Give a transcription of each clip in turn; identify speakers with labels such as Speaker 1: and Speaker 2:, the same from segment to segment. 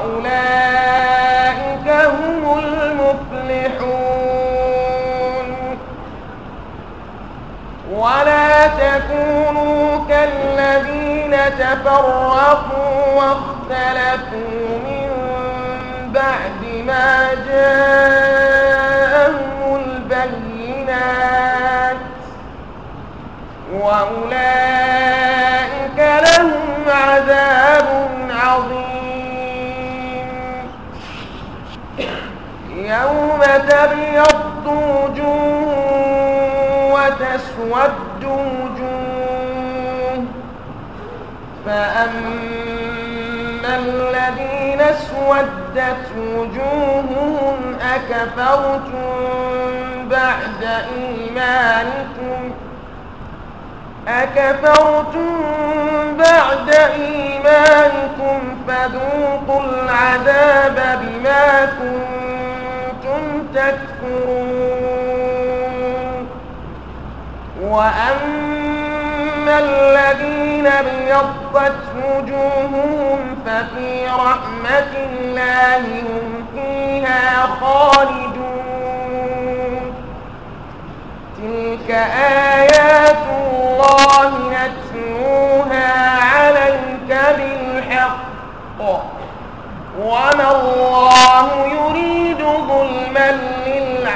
Speaker 1: وأولئك هم المفلحون ولا تكونوا كالذين تفرقوا واختلفوا من بعد ما جاءهم البينات وأولئك يوم تبيض وجوه وتسود وجوه فأما الذين اسودت وجوههم أكفرتم بعد إيمانكم أكفرتم بعد إيمانكم فذوقوا العذاب بما كنتم تكفرون وأما الذين ابيضت وجوههم ففي رحمة الله هم فيها خالدون تلك آيات الله نتلوها عليك بالحق وما الله يريد ظلما للعالمين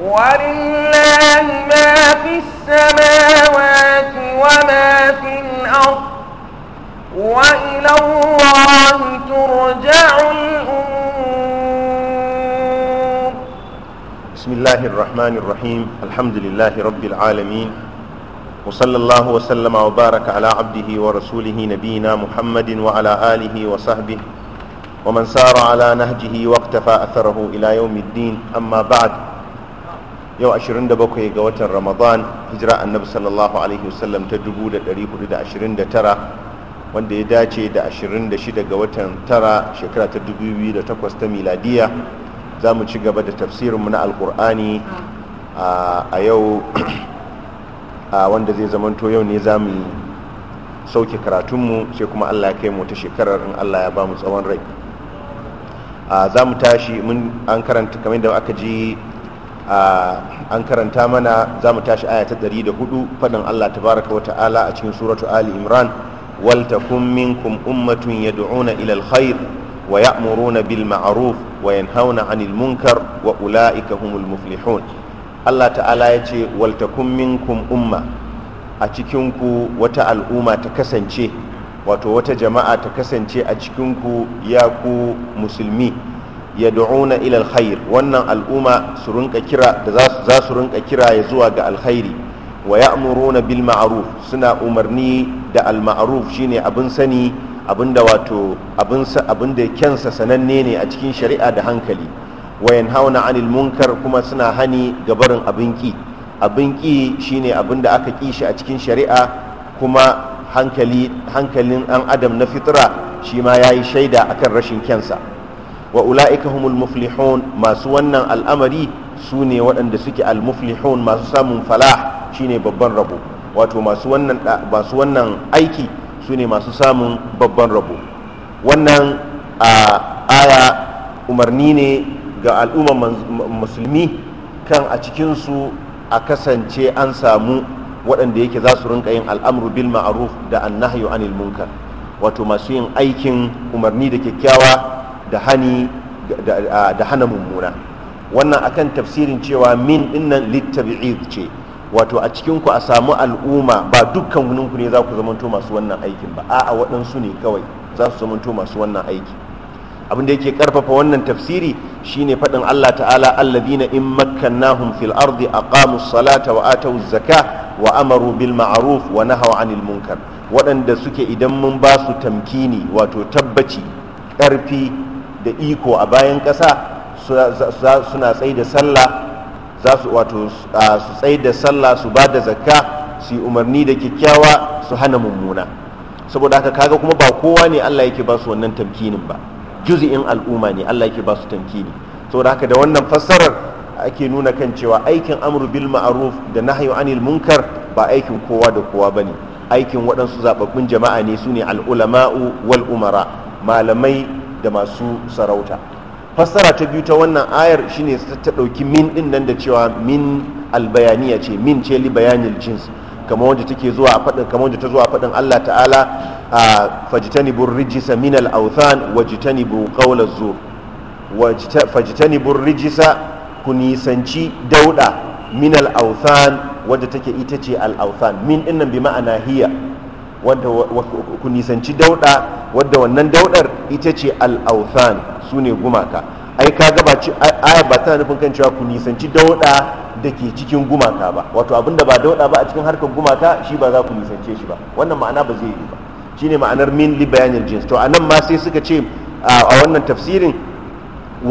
Speaker 1: ولله ما في السماوات وما في الأرض وإلى الله ترجع الأمور
Speaker 2: بسم الله الرحمن الرحيم الحمد لله رب العالمين وصلى الله وسلم وبارك على عبده ورسوله نبينا محمد وعلى آله وصحبه ومن سار على نهجه واقتفى أثره إلى يوم الدين أما بعد يو أشرين دبوكي قوة رمضان هجراء النبي صلى الله عليه وسلم تدبو لدريه دا أشرين دا ترى وان دي داتي دا أشرين دا شدا قوة ترى شكرا تدبو بي دا تقوى ميلادية za mu ci gaba da tafsirinmu na alkur'ani a yau a wanda zai zamanto yau ne za mu sauke karatunmu sai kuma allah ya kai mu ta shekarar in allah ya ba mu tsawon rai za mu tashi an karanta kamar da aka ji an karanta mana za mu tashi aya ta 104 faɗin allah tabaraka wa ta'ala a cikin suratu ali imran wal takum minkum ummatun yad'una ila alkhair wa ya'muruna bil ma'ruf wa na 'anil munkar wa ula'ika humul muflihun Allah ta'ala ya ce wal takum minkum umma a cikin ku wata al'umma ta kasance wato wata jama'a ta kasance a cikin ku ya ku musulmi yad'una ila alkhair wannan al'umma su rinka kira da za su rinka kira ya zuwa ga alkhairi wa ya'muruna bil ma'ruf suna umarni da alma'aruf shine abin sani abinda wato abin da kensa sananne ne a cikin shari'a da hankali wayan hauna anil munkar kuma suna hani ga barin abin ki abin ki shine da aka ki shi a cikin shari'a kuma hankali hankalin an adam na fitra shi ma yayi shaida akan rashin kensa. wa ula'ika humul muflihun masu wannan al'amari su ne waɗanda suke al-muflihun masu samun falah shine babban rabo wato masu wannan aiki su ne masu samun babban rabo wannan aya umarni ne ga al'ummar musulmi kan a cikinsu a kasance an samu waɗanda yake za su rinka yin al'amru bil ma'aruf da annahyu anil munkar wato masu yin aikin umarni da kyakkyawa da da hana mummuna wannan akan tafsirin cewa min dinnan littabi'id ce wato a cikinku a samu al'umma ba dukkan wuninku ne za ku zamanto masu wannan aikin ba a'a waɗansu ne kawai za su zamanto masu wannan aiki abin da yake karfafa wannan tafsiri shine faɗin Allah ta'ala alladhina in makkannahum fil ardi aqamu salata wa atau zaka wa amaru bil ma'ruf wa nahaw anil munkar waɗanda suke idan mun ba su tamkini wato tabbaci ƙarfi da iko a bayan ƙasa suna tsaye da sallah za su wato su tsaye da sallah su ba da zakka su yi umarni da kyakkyawa su hana mummuna saboda haka kaga kuma ba kowa ne Allah yake ba su wannan tamkinin ba juzi'in al'umma ne Allah yake ba su tamkini saboda haka da wannan fassarar ake nuna kan cewa aikin amru bil ma'ruf da nahyu anil munkar ba aikin kowa da kowa bane aikin waɗansu zababbun jama'a ne sune ne al'ulama'u wal umara malamai da masu sarauta fassara ta biyu ta wannan ayar shine ta ɗauki min ɗin nan da cewa min albayaniya ce min ce li bayanil jins kamar wanda take zuwa a fadin kamar wanda ta zuwa a faɗin Allah ta'ala a fajtanibu rijisa min al-awthan wajtanibu qawla zur fajtanibu rijisa ku nisanci dauda min al-awthan wanda take ita ce al-awthan min ɗin nan bi ma'ana hiya wanda ku nisanci dauda wanda wannan daudar ita ce al-awthan su ne gumaka ai ka gaba aya ba tana nufin kan cewa ku nisanci dauda da ke cikin gumaka ba wato abinda ba dauda ba a cikin harkar gumaka shi ba za ku nisance shi ba wannan ma'ana ba zai yi ba shine ma'anar min li bayanin jins to anan ma sai suka ce a wannan tafsirin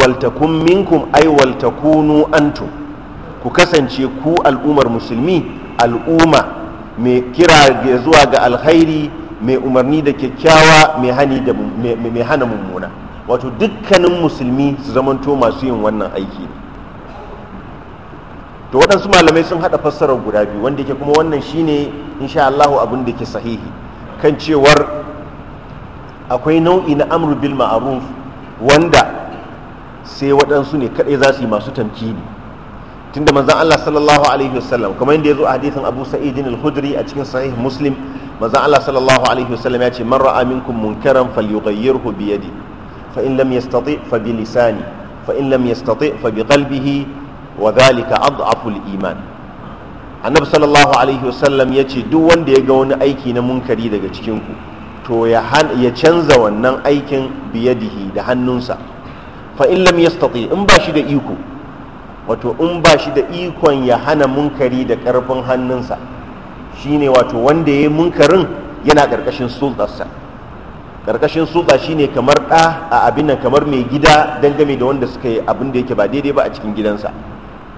Speaker 2: waltakun minkum ai waltakunu antum ku kasance ku al'ummar musulmi al'umma mai kira zuwa ga alkhairi mai umarni da kyakkyawa mai hana mummuna wato dukkanin musulmi su zamanto masu yin wannan aiki ne to waɗansu malamai sun haɗa fassarar guda biyu wanda yake kuma wannan shine insha Allahu abin da ke sahihi kan cewar akwai nau'i na amru bil ma'ruf wanda sai waɗansu ne kaɗai za su yi masu tamkini tunda manzon Allah sallallahu alaihi wasallam kamar yadda ya zo a hadisin Abu Sa'id al-Khudri a cikin sahih Muslim manzon Allah sallallahu alaihi wasallam ya ce man ra'a minkum munkaran falyughayyirhu bi yadihi fa in lam yastati fa bi lisani fa in lam yastati fa bi wa dhalika adhafu al-iman annabi sallallahu alaihi wasallam yace duk wanda ya ga wani aiki na munkari daga cikin to ya canza wannan aikin biyadihi da hannunsa fa in lam yastati in ba da iko wato in ba da ikon ya hana munkari da karfin hannunsa shine wato wanda ya yi munkarin yana ƙarƙashin sultarsa karkashin sulta shine kamar ɗa a abin nan kamar mai gida dangane da wanda suka yi abin da yake ba daidai ba a cikin gidansa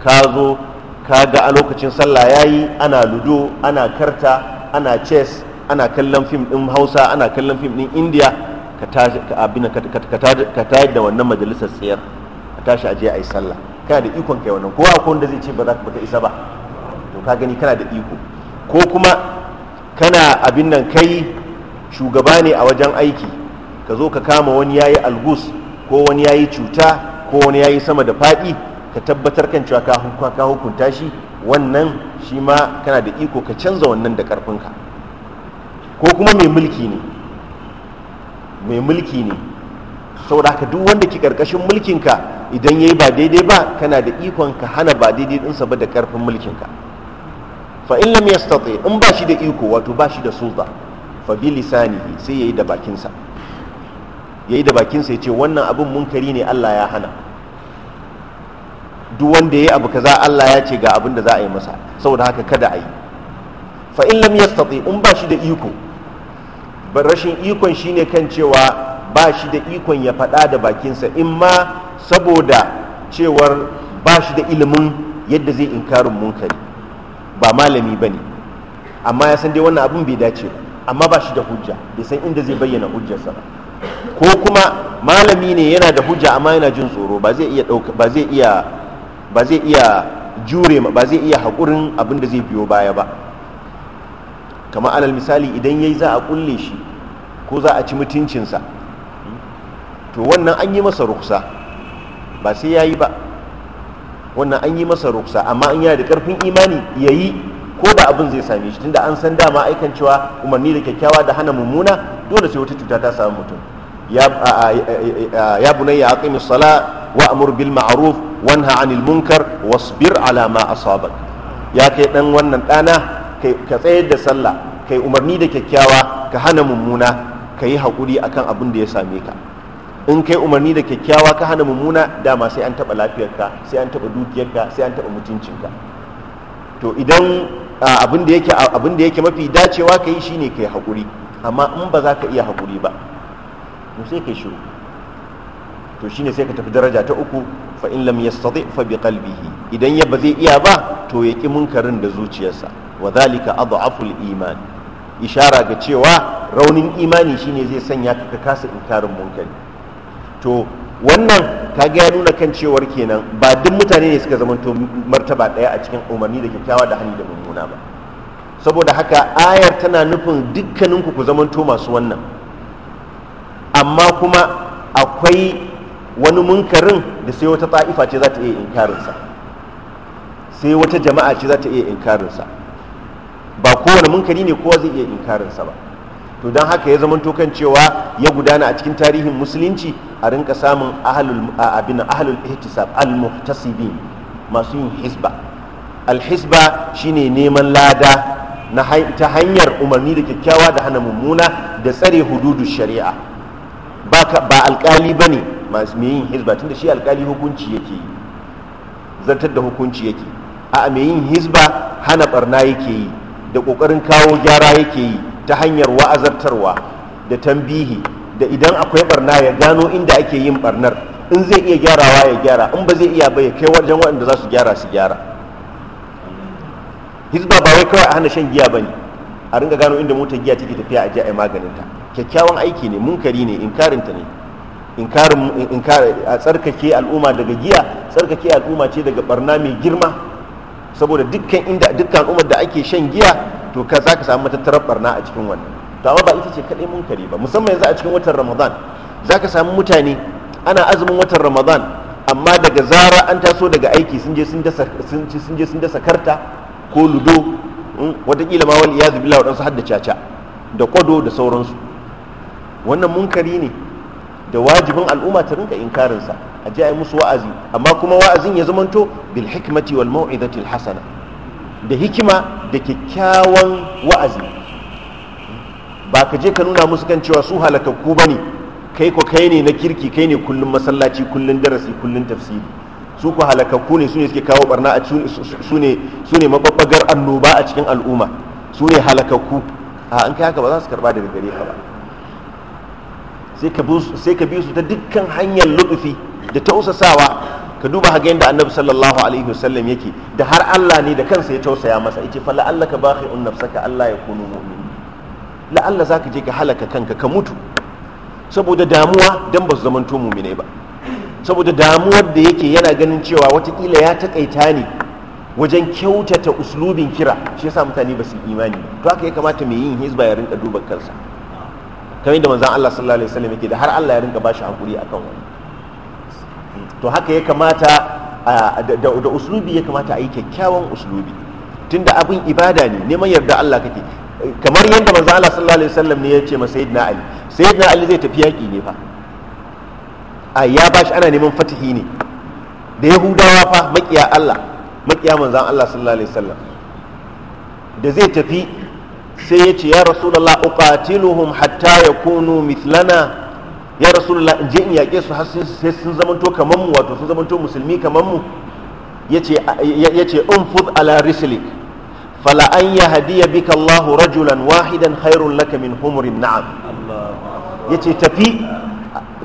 Speaker 2: ka zo ka ga a lokacin sallah yayi ana ludo ana karta ana chess ana kallon fim din hausa ana kallon fim din india ka ta da wannan majalisar tsayar ka tashi aje a yi sallah kana da ikon kai wannan kowa ko wanda zai ce ba za ka isa ba to ka gani kana da iko ko kuma kana abin nan kai shugaba ne a wajen aiki ka zo ka kama wani ya yi algus ko wani ya yi cuta ko wani ya yi sama da faɗi ka tabbatar kan cewa ka hukunta shi wannan shi ma kana da iko ka canza wannan da ƙarfinka ko kuma mai mulki ne mai mulki ne saboda haka duk wanda ke ƙarƙashin mulkinka idan ya yi ba daidai ba kana da ikon ka hana ba daidai ɗinsa ba da ƙarfin mulkinka fa in lam yastati in ba shi da iko wato ba shi da sulta fa bi lisanihi sai yayi da bakinsa yayi da bakinsa ya ce wannan abin munkari ne Allah ya hana duk wanda ya yi abu kaza Allah ya ce ga abin da za a yi masa saboda haka kada a yi fa in lam yastati in ba shi da iko rashin ikon shine kan cewa ba shi da ikon ya faɗa da bakinsa in ma saboda cewar ba shi da ilimin yadda zai inkarin munkari ba malami ba ne amma ya san dai wannan abin bai dace ba amma ba shi da hujja bai san inda zai bayyana hujjarsa ba ko kuma malami ne yana da hujja amma yana jin tsoro ba zai iya ba zai iya ba zai iya jure ba zai iya haƙurin abin da zai biyo baya ba kamar alal misali idan yayi za a kulle shi ko za a ci mutuncinsa to wannan an yi masa ruksa ba sai yayi ba wannan an yi masa ruksa amma an yana da karfin imani yayi ko da abin zai same shi tunda an san dama aikan cewa umarni da kyakkyawa da hana mummuna dole sai wata cuta ta samu mutum ya ya aqimi sala wa amur bil ma'ruf wanha anil munkar wasbir ala ma asabak ya kai ɗan wannan dana ka tsayar da sallah kai umarni da kyakkyawa ka hana mummuna ka yi haƙuri akan abin da ya same ka in kai umarni da kyakkyawa ka hana mummuna dama sai an taɓa lafiyarka sai an taɓa dukiyarka sai an taɓa mutuncinka to idan abin da yake mafi dacewa ka yi shine kai hakuri amma in ba za ka iya hakuri ba to sai ka shiru to shine sai ka tafi daraja ta uku fa in lam yastati fa bi qalbihi idan ya ba zai iya ba to ya ki munkarin da zuciyarsa wa zalika adhaful iman ishara ga cewa raunin imani shine zai sanya ka ka kasa inkarin munkari to wannan kaga gaya nuna kan cewar kenan ba duk mutane ne suka zamanto martaba daya a cikin umarni da kyakkyawa da hannu da mummuna ba saboda haka ayar tana nufin dukkaninku ku zamanto masu wannan amma kuma akwai wani munkarin da sai wata ta'ifa ce za ta iya inkarinsa sai wata jama'a ce za ta iya inkarinsa ba kowane munkari ne kowa zai iya inkarinsa ba to don haka ya zama kan cewa ya gudana a cikin tarihin musulunci a rinka samun abin ahalul ihtisab al-muhtasibin masu yin hisba al-hisba shine neman lada ta hanyar umarni da kyakkyawa da hana mummuna da tsare hududu shari'a ba alkali ba ne masu yin hisba tunda shi alkali hukunci yake zartar da hukunci yake a mai yin hisba hana barna yake yi da ƙoƙarin kawo gyara yake yi ta hanyar wa'azartarwa da tambihi da idan akwai barna ya gano inda ake yin barnar in zai iya gyarawa ya gyara in ba zai iya ba ya kai wajen waɗanda za su gyara su gyara hizba ba wai kawai a hana shan giya ba ne a ringa gano inda motar giya take tafiya a ji a maganinta kyakkyawan aiki ne munkari ne ta ne a tsarkake al'umma daga giya tsarkake al'umma ce daga barna mai girma saboda dukkan inda dukkan al'ummar da ake shan giya to ka za ka samu matattarar barna a cikin wannan to amma ba ita ce kaɗai munkari ba musamman yanzu a cikin watan ramadan za ka samu mutane ana azumin watan ramadan amma daga zara an taso daga aiki sun je sun dasa karta ko ludo hmm, watakila ma wani ya zubila waɗansu hadda caca da kwado da sauransu wannan munkari ne da wajibin al'umma ta rinka inkarinsa a ji a yi musu wa'azi amma kuma wa'azin ya zamanto bil hikmati wal mau'izatil hasana da hikima da kyakkyawan wa'azi ba ka je ka nuna musu kan cewa su halakakku ba ne kai ko kai ne na kirki kai ne kullum masallaci kullum darasi kullum tafsiri su ko halakakku ne su ne suke kawo barna a su ne su ne mababbagar annoba a cikin al'umma su ne halakakku a an kai haka ba za su karba daga gare ka ba sai ka bi su ta dukkan hanyar lutufi da tausasawa ka duba haga yadda annabi sallallahu alaihi wasallam yake da har Allah ne da kansa ya tausaya masa yace fa la'alla ka bakhi un nafsaka Allah ya kunu mu'min la'alla zaka je ka halaka kanka ka mutu saboda damuwa dan ba su zamanto mu'mine ba saboda damuwar da yake yana ganin cewa watakila ya takaita ne wajen kyautata uslubin kira shi yasa mutane ba su imani to haka ya kamata mai yin hizba ya rinka duba kansa kamar yadda manzon Allah sallallahu alaihi wasallam yake da har Allah ya rinka bashi hakuri akan wani to haka ya kamata da uslubi ya kamata a yi kyakkyawan uslubi tunda abin ibada ne neman yarda Allah kake kamar yadda manzo Allah sallallahu alaihi wasallam ne ya ce ma sayyidina Ali sayyidina Ali zai tafi yaki ne fa a ya bashi ana neman fatihi ne da yahudawa fa makiya Allah makiya manzo Allah sallallahu alaihi wasallam da zai tafi sai ya ce ya rasulullah uqatiluhum hatta yakunu mithlana ya rasulullah in je in yaƙe su har sai sun zamanto kamar mu wato sun zamanto musulmi kamar mu yace in unfud ala risli fala an hadiya bika Allahu rajulan wahidan khairun laka min humurin na'am yace tafi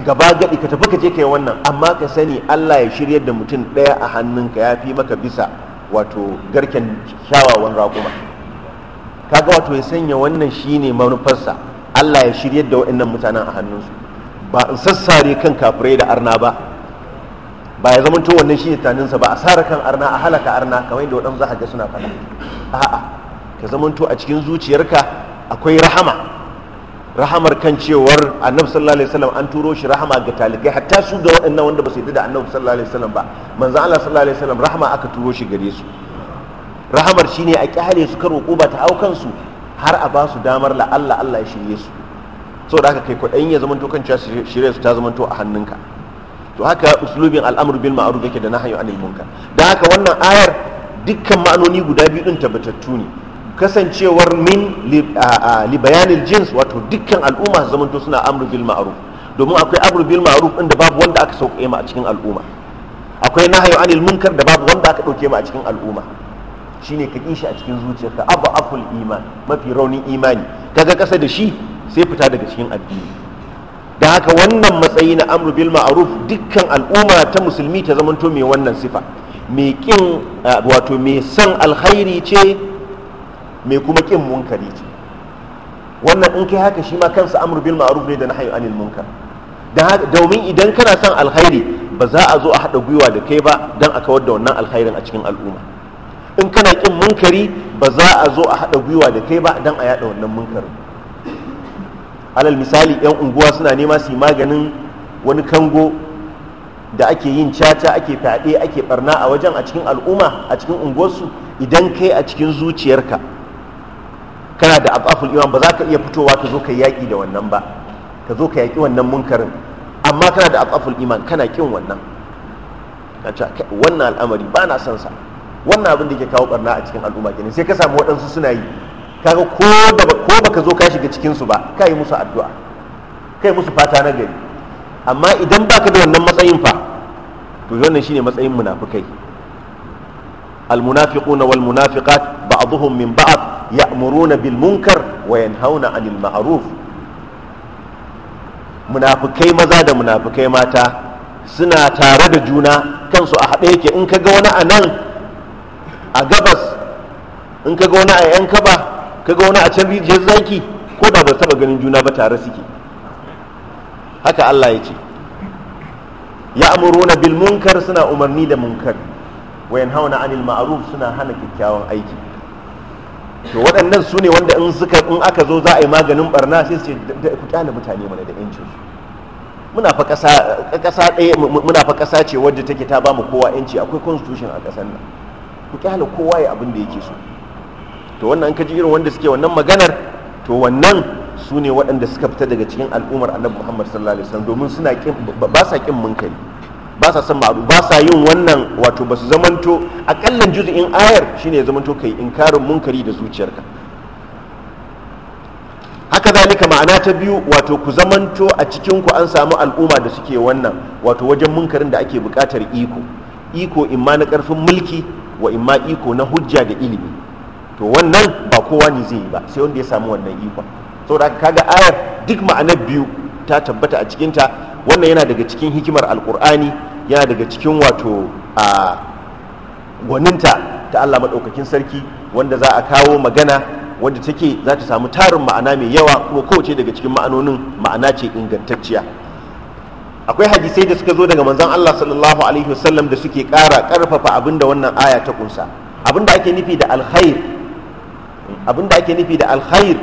Speaker 2: gaba gadi ka tafi ka je yi wannan amma ka sani Allah ya shirya da mutum ɗaya a hannunka ya fi maka bisa wato garken kyawawan raƙuma kaga wato ya sanya wannan shi ne manufarsa Allah ya shirya da waɗannan mutanen a hannunsu ba in sassare kan kafirai da arna ba ba ya zamanto wannan shi taninsa ba a sare kan arna a halaka arna kamar yadda waɗansu za ga suna faɗa a'a ka zamanto a cikin zuciyarka akwai rahama rahamar kan cewar annabi sallallahu alaihi wasallam an turo shi rahama ga talibai hatta su ga waɗannan wanda ba su yi da annabi sallallahu alaihi wasallam ba manzon Allah sallallahu alaihi wasallam rahama aka turo shi gare su rahamar shine a kyale su karo ba ta aukan su har a ba su damar la Allah Allah ya shirye su saboda haka kai kwaɗayin ya zamanto kan cewa shirya su ta zamanto a hannunka to haka uslubin al'amur bil ma'ruf yake da nahyi anil munkar Da haka wannan ayar dukkan ma'anoni guda biyu din tabbatattu ne kasancewar min li bayanil jins wato dukkan al'umma su zamanta suna amru bil ma'ruf domin akwai amru bil ma'ruf din da babu wanda aka sauke ma a cikin al'umma akwai nahyi anil munkar da babu wanda aka dauke ma a cikin al'umma shine ka kishi a cikin zuciyarka abu aful iman mafi raunin imani kaga kasa da shi sai fita daga cikin addini da haka wannan matsayi na amru bil ma'ruf dukkan al'umma ta musulmi ta zamanto mai wannan sifa mai kin wato mai san alkhairi ce mai kuma kin munkari ce wannan in kai haka shi ma kansa amru bil ma'ruf ne da nahyi anil munkar domin idan kana son alkhairi ba za a zo a haɗa gwiwa da kai ba dan a kawar da wannan alkhairin a cikin al'umma in kana kin munkari ba za a zo a haɗa gwiwa da kai ba dan a yada wannan munkarin alal misali yan unguwa suna nema su yi maganin wani kango da ake yin caca ake fyaɗe ake barna a wajen a cikin al'umma a cikin unguwarsu idan kai a cikin zuciyarka kana da abaful iman ba za ka iya fitowa ka zo ka yaƙi da wannan ba ka zo ka yaƙi wannan munkarin amma kana da abaful iman kana ƙin wannan wannan al'amari ba na son sa wannan abin da ke kawo barna a cikin al'umma kenan sai ka samu waɗansu suna yi kaga ko da ko baka zo ka shiga cikin su ba ka yi musu addu'a ka yi musu fata na gari amma idan baka da wannan matsayin fa to wannan shine matsayin munafikai المنافقون والمنافقات بعضهم من بعض يأمرون بالمنكر وينهون عن المعروف munafikai maza da munafikai mata suna tare da juna kansu a haɗe yake in ka ga wani a nan a gabas in ka ga wani a yanka ba. kaga wani a can rijiyar zaki ko da ba saba ganin juna ba tare suke haka Allah ya ce ya amuruna bil munkar suna umarni da munkar wa yanhauna anil ma'ruf suna hana kyakkyawan aiki to waɗannan su ne wanda in suka in aka zo za a yi maganin barna sai su ce ku kyale mutane mana da yancin su muna fa ƙasa ɗaya muna fa kasa ce wadda take ta ba mu kowa yanci akwai constitution a ƙasar nan ku kyale kowa ya abin da yake so to wannan ka ji irin wanda suke wannan maganar to wannan su ne waɗanda suka fita daga cikin al'ummar annabi muhammad sallallahu alaihi wasallam domin suna kin ba sa kin munkari ba sa son ma'ruf ba sa yin wannan wato ba su zamanto akallan juz'in ayar shine ya zamanto kai inkarin munkari da zuciyarka haka zalika ma'ana ta biyu wato ku zamanto a cikin ku an samu al'umma da suke wannan wato wajen munkarin da ake buƙatar iko iko imma na ƙarfin mulki wa imma iko na hujja da ilimi to wannan ba kowa ne zai yi ba sai wanda ya samu wannan ikon saboda kaga ayar duk ma'anar biyu ta tabbata a cikinta wannan yana daga cikin hikimar alkur'ani yana daga cikin wato a gwaninta ta allah maɗaukakin sarki wanda za a kawo magana wanda take za ta samu tarin ma'ana mai yawa kuma kowace daga cikin ma'anonin ma'ana ce ingantacciya akwai hadisai da suka zo daga manzon allah sallallahu alaihi wasallam da suke ƙara ƙarfafa abinda wannan aya ta kunsa abinda ake nufi da alkhair abin da ake nufi da alkhair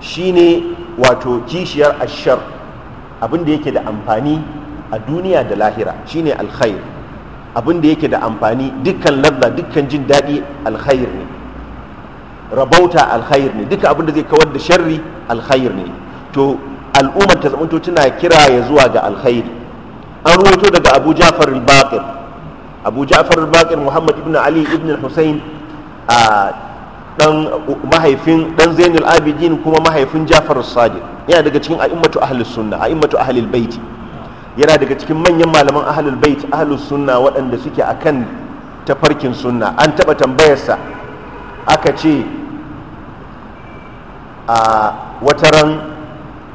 Speaker 2: shine wato kishiyar ashar da yake da amfani a duniya da lahira shine alkhair abin da yake da amfani dukkan ladda dukkan jin daɗi alkhair ne rabauta alkhair ne duka da zai kawar da sharri alkhair ne to al'ummar ta zamanto tana kira ya zuwa ga alkhairi an rubuto daga abu ja'far al-baqir abu ja'far al-baqir muhammad ibn ali ibn husayn a dan mahaifin dan zainul abidin kuma mahaifin jafar sadiq yana daga cikin a'immatu ahlus sunna a'immatu ahlil bait yana daga cikin manyan malaman ahlul bait ahlus sunna waɗanda suke akan tafarkin sunna an taɓa tambayarsa aka ce a wataran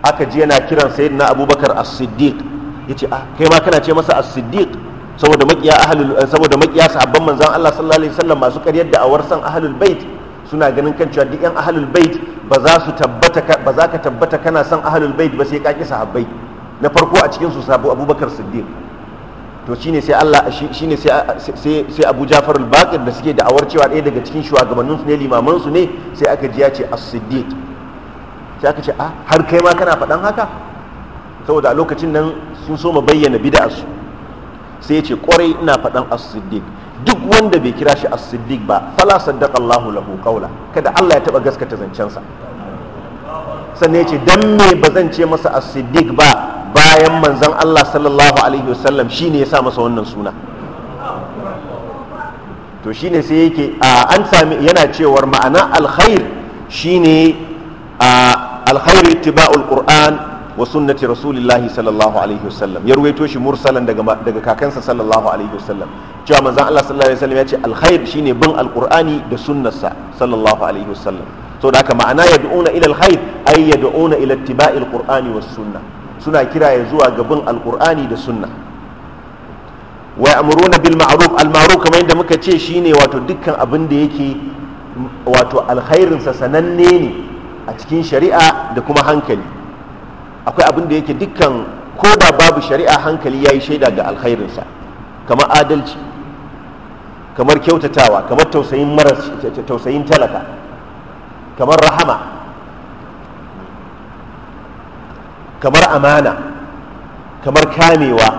Speaker 2: aka ji yana kiran sayyidina abubakar as-siddiq yace ah kai ma kana ce masa as-siddiq saboda makiya ahlul saboda makiya sahabban manzon Allah sallallahu alaihi wasallam masu ƙaryar da awar san ahlul bait suna ganin kan cewa duk yan ahalul bait ba za su tabbata ba za ka tabbata kana son ahalul bait ba sai ka ki sahabbai na farko a cikin su sabu abubakar siddiq to shine sai Allah shine sai sai sai Abu Ja'far al-Baqir da suke da'awar cewa ɗaya daga cikin shugabannin su ne limaman su ne sai aka ji ya ce as-siddiq sai aka ce ah har kai ma kana faɗan haka saboda a lokacin nan sun so mu bayyana bid'a su sai ya ce kwarai ina faɗan as-siddiq duk wanda bai kira shi as-siddiq ba fala saddaqa Allahu lahu qawla kada Allah ya taba gaskata zancensa san ya ce dan me ba zan ce masa as-siddiq ba bayan manzon Allah sallallahu alaihi wasallam shine ya sa masa wannan suna to shine sai yake an sami yana cewar ma'ana alkhair shine alkhair ittiba'ul qur'an wa sunnati rasulillahi sallallahu alaihi wasallam ya ruwaito shi mursalan daga daga kakansa sallallahu alaihi wasallam cewa manzon Allah sallallahu alaihi wasallam ya ce alkhair shine bin alqur'ani da sunnarsa sallallahu alaihi wasallam so da haka ma'ana yad'una ila alkhair ay yad'una ila ittiba'i alqur'ani was sunna suna kira ya zuwa ga bin alqur'ani da sunna wa ya'muruna bil ma'ruf al ma'ruf kamar yadda muka ce shine wato dukkan abin da yake wato alkhairin sa sananne ne a cikin shari'a da kuma hankali akwai abin da yake dukkan ko da babu shari'a hankali yayi shaida ga alkhairin sa kamar adalci kamar kyautatawa kamar tausayin tausayin talaka kamar rahama kamar amana kamar kamewa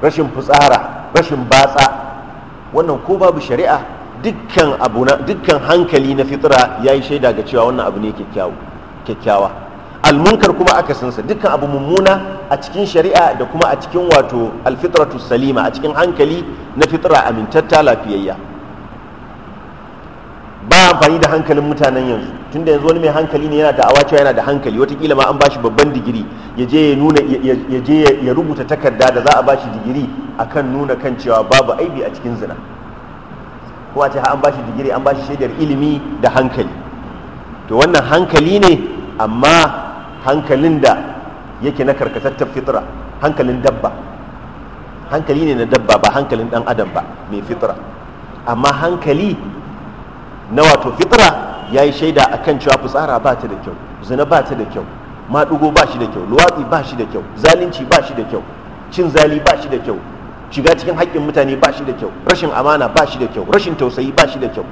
Speaker 2: rashin fitsara rashin batsa wannan ko babu shari'a dukkan hankali na fitira ya yi shaida ga cewa wannan abu ne kyakkyawa almunkar kuma aka sa dukkan abu mummuna a cikin shari'a da kuma a cikin wato alfitratu salima a cikin hankali na fitra amintatta lafiyayya ba amfani da hankalin mutanen yanzu tunda yanzu wani mai hankali ne yana awa cewa yana da hankali watakila ma an bashi babban digiri ya je ya nuna ya je ya rubuta takarda da za a bashi digiri akan nuna kan cewa babu aibi a cikin zina ko a ce an bashi digiri an bashi shaidar ilimi da hankali to wannan hankali ne amma hankalin da yake na karkatattar fitra hankalin dabba hankali ne na dabba ba hankalin dan adam ba mai fitra amma hankali na wato fitra ya yi shaida a kan cewa fitsara ba ta da kyau zina ba ta da kyau maɗugo ba shi da kyau luwatsi ba shi da kyau zalunci ba shi da kyau cin zali ba shi da kyau shiga cikin haƙƙin mutane ba shi da kyau rashin amana ba shi da kyau rashin tausayi ba shi da kyau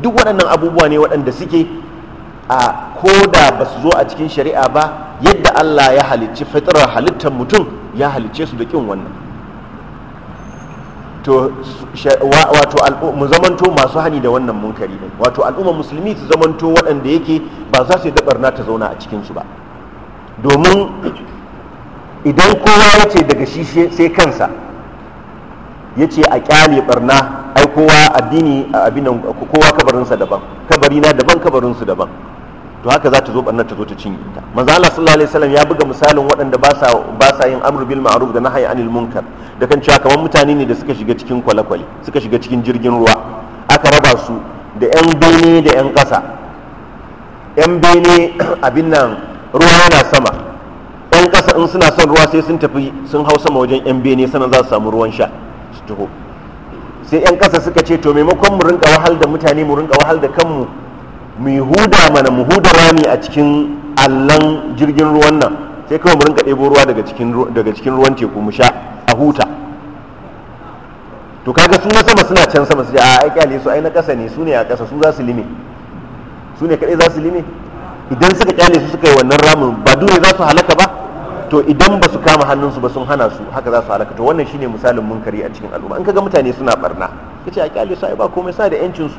Speaker 2: duk waɗannan abubuwa ne waɗanda suke a ko da ba su zo a cikin shari'a ba yadda Allah ya halicci fitarar halittar mutum ya halicce su da kin wannan to wato mu zamanto masu hani da wannan munkari ne wato al'umma musulmi su zamanto waɗanda yake ba za su yi na ta zauna a cikinsu ba domin idan kowa ya ce daga shi sai kansa ya ce a kyale barna ai kowa addini a abinan kowa kabarinsa daban kabarina daban kabarinsu daban to haka za ta zo bannan ta zo ta cinye ta manzo Allah sallallahu alaihi wasallam ya buga misalin waɗanda ba sa ba sa yin amru bil ma'ruf da nahyi anil munkar da kan cewa kamar mutane ne da suka shiga cikin kwale-kwale suka shiga cikin jirgin ruwa aka raba su da yan bene da yan ƙasa yan bene abin nan ruwa yana sama yan ƙasa in suna son ruwa sai sun tafi sun hau sama wajen yan bene sannan za su samu ruwan sha su taho sai yan ƙasa suka ce to maimakon mu rinka wahal da mutane mu rinka wahal da kanmu mu huda mana mu huda rami a cikin allan jirgin ruwan nan sai kawai mu kaɗe ɗebo ruwa daga cikin ruwan teku mu sha a huta to kaga sun sama suna can sama su ce a ale su ai na ƙasa ne su ne a ƙasa su za su lime su ne kaɗai za su lime idan suka ƙyale su suka yi wannan ramin ba dole za su halaka ba to idan ba su kama hannunsu ba sun hana su haka za su halaka to wannan shine misalin munkari a cikin al'umma in kaga mutane suna barna kace a ƙyale su ai ba komai sa da yancin su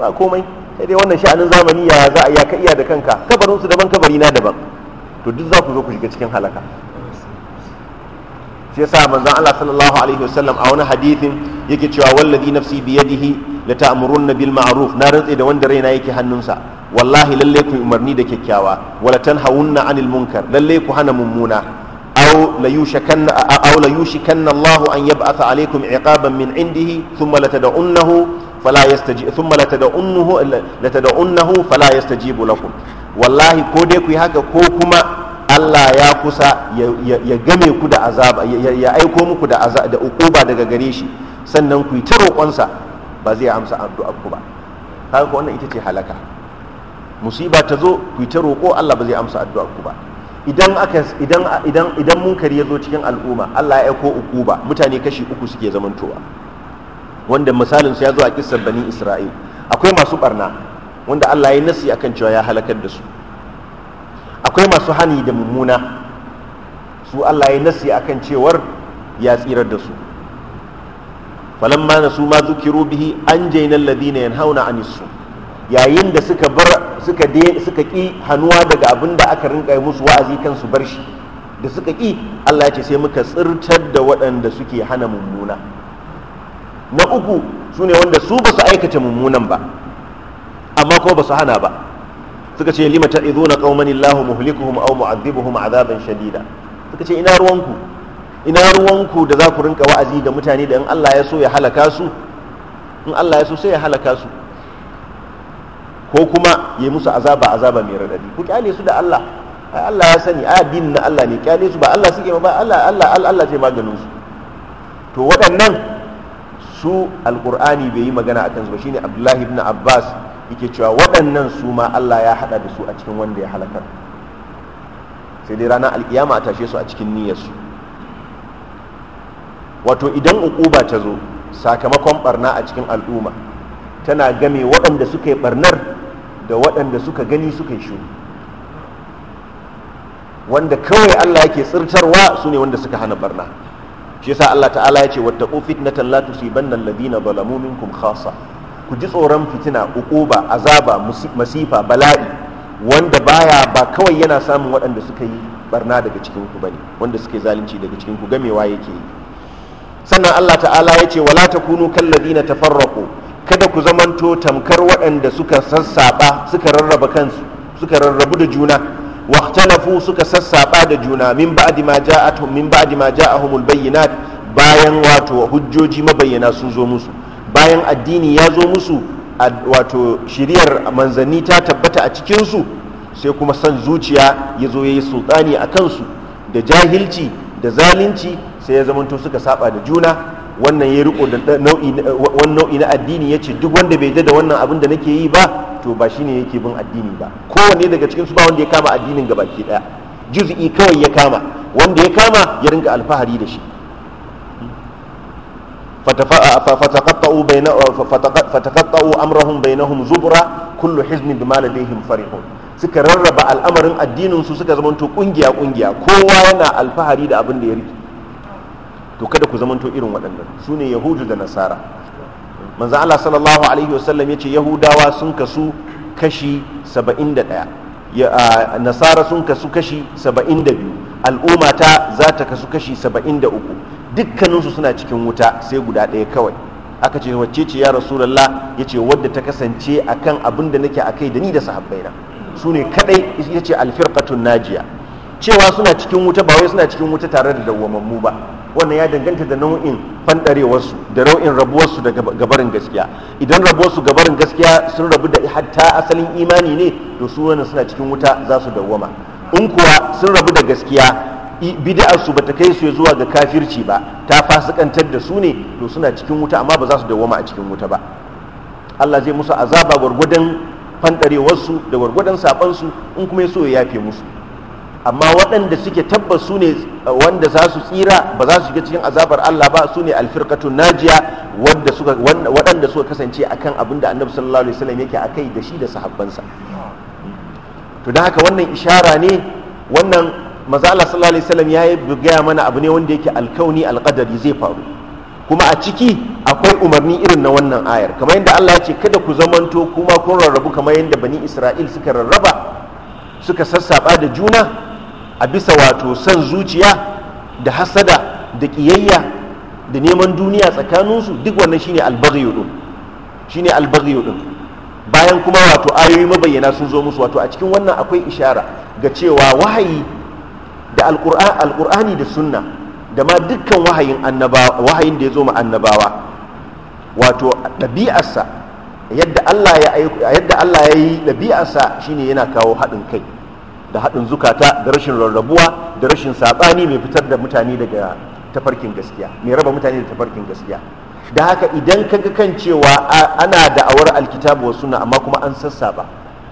Speaker 2: ba komai sai dai wannan sha'anin zamani ya za a ya ka iya da kanka kabarin su daban kabari na daban to duk za ku zo ku shiga cikin halaka shi yasa manzon Allah sallallahu alaihi wasallam a wani hadithin yake cewa wallazi nafsi bi yadihi la ta'muruna bil ma'ruf na rantse da wanda raina yake hannunsa wallahi lalle ku umarni da kyakkyawa wala tanhawunna anil munkar lalle ku hana mummuna aw la yushakanna aw la yushikanna Allah an yab'atha alaikum iqaban min indihi thumma la fala yastaji thumma latad'unnahu latad'unnahu fala yastajibu lakum wallahi ko dai ku yi haka ko kuma Allah ya kusa ya game ku da azaba ya aiko muku da azaba da ukuba daga gare shi sannan ku yi ta roƙonsa ba zai amsa addu'ar ku ba kaga ko wannan ita ce halaka musiba ta zo ku yi ta roƙo Allah ba zai amsa addu'ar ku ba idan aka idan idan idan munkari ya zo cikin al'umma Allah ya aiko ukuba mutane kashi uku suke zamantowa wanda misalinsu ya zo a kisa bani isra'il akwai masu barna wanda Allah ya nasi akan cewa ya halakar da su akwai masu hani da mummuna su Allah ya nasi akan cewar ya tsirar da su falamma su ma zukiru bihi anjayna alladhina yanhauna anis yayin da suka bar suka de suka ki hannuwa daga abin da aka rinka musu wa'azi kan su bar shi da suka ki Allah ya ce sai muka tsirtar da waɗanda suke hana mummuna na uku su ne wanda su ba su aikata mummunan ba amma ko ba su hana ba suka ce lima ta izuna qauman illahu muhlikuhum aw mu'adhibuhum azaban shadida suka ce ina ruwanku ina ruwanku da za ku rinka wa'azi ga mutane da in Allah ya so ya halaka su in Allah ya so sai ya halaka su ko kuma yi musu azaba azaba mai radadi ku kyale su da Allah ai Allah ya sani ai addinin na Allah ne kyale su ba Allah suke ba Allah Allah Allah ce maganin su to waɗannan su alkur'ani bai yi magana a kansu ba shine abdullahi ibn abbas yake cewa waɗannan su ma allah ya haɗa da su a cikin wanda ya halakar sai dai ranar alkiyama a tashe su a cikin niyyarsu wato idan uquba ta zo sakamakon barna a cikin al'umma tana game waɗanda suka yi barnar da waɗanda suka gani suka yi wanda kawai allah yake tsirtarwa su ne wanda suka hana barna shi yasa Allah ta'ala ya ce wattaqu fitnatan la nan ladina zalamu minkum khassa ku ji tsoron fitina uquba azaba masifa bala'i wanda baya ba kawai yana samun waɗanda suka yi barna daga cikin ku bane wanda suke zalunci daga cikin ku gamewa yake sannan Allah ta'ala ya ce wala takunu ladina tafarraqu kada ku zamanto tamkar waɗanda suka sassaba suka rarraba kansu suka rarrabu da juna واختلفوا suka sassaɓa da juna min ba'di ma ja'atuhum min ba'di ma bayan wato hujjoji mabayyana sun zo musu bayan addini ya zo musu wato shiriyar manzanni ta tabbata a cikin su sai kuma san zuciya ya zo yayi sultani a kansu da jahilci da zalunci sai ya zamanto suka saba da juna wannan ya riko da nau'i na addini yace duk wanda bai da wannan abin da nake yi ba to ba shi shine yake bin addini ba kowanne daga cikin su ba wanda ya kama addinin ga baki daya juz'i kawai ya kama wanda ya kama ya rinka alfahari da shi فتقطعوا بين فتقطعوا suka rarraba al'amarin addinin su suka zamanto kungiya kungiya kowa yana alfahari da abin da ya riki to kada ku zamanto irin waɗannan su ne yahudu da nasara manzo Allah sallallahu alaihi wasallam yace yahudawa sun kasu kashi 71 nasara sun kasu kashi 72 al'umma ta za ta kasu kashi 73 dukkaninsu suna cikin wuta sai guda ɗaya kawai aka ce wacce ce ya rasulullah yace wadda ta kasance akan abin da nake a kai da ni da sahabbaina su ne kadai yace alfirqatun najiya cewa suna cikin wuta ba wai suna cikin wuta tare da dawwamammu ba wannan ya danganta da nau'in fandarewarsu da nau'in rabuwarsu daga gabarin gaskiya idan rabuwarsu gabarin gaskiya sun rabu da hatta asalin imani ne to su wannan suna cikin wuta za su dawwama in kuwa sun rabu da gaskiya bid'ar ba ta kai su zuwa ga kafirci ba ta fasikantar da su ne to suna cikin wuta amma ba za su dawwama a cikin wuta ba Allah zai musu azaba gwargwadon fanɗarewarsu da gwargwadon sabansu in kuma ya so ya yafe musu amma waɗanda suke tabbas su ne uh, wanda za su tsira ba za su shiga cikin azabar Allah ba su ne alfirkatun najiya waɗanda suka kasance a kan abin da annabi sallallahu alaihi wasallam yake a kai da shi da sahabbansa to don haka wannan ishara ne wannan maza sallallahu alaihi wasallam ya yi gaya mana abu ne wanda yake alkauni alqadari zai faru kuma a ciki akwai umarni irin na wannan ayar kamar yadda Allah ya ce kada ku zamanto kuma kun rarrabu kamar yadda bani Isra'il suka rarraba suka sassaba da juna a bisa wato son zuciya da hasada da ƙiyayya da neman duniya tsakaninsu duk wannan shine albaghiyu shine albaghiyu bayan kuma wato ayoyi mabayyana sun zo musu wato a cikin wannan akwai ishara ga cewa wahayi da alqur'ani da sunna da ma dukkan wahayin annabawa wahayin da ya zo ma annabawa wato ɗabi'arsa yadda Allah ya yadda Allah ya yi ɗabi'arsa shine yana kawo haɗin kai da haɗin zukata da rashin rarrabuwa da rashin saɓani mai fitar da mutane daga tafarkin gaskiya mai raba mutane da tafarkin gaskiya da haka idan ka ga kan cewa ana da'awar alkitabu wasu suna amma kuma an sassaba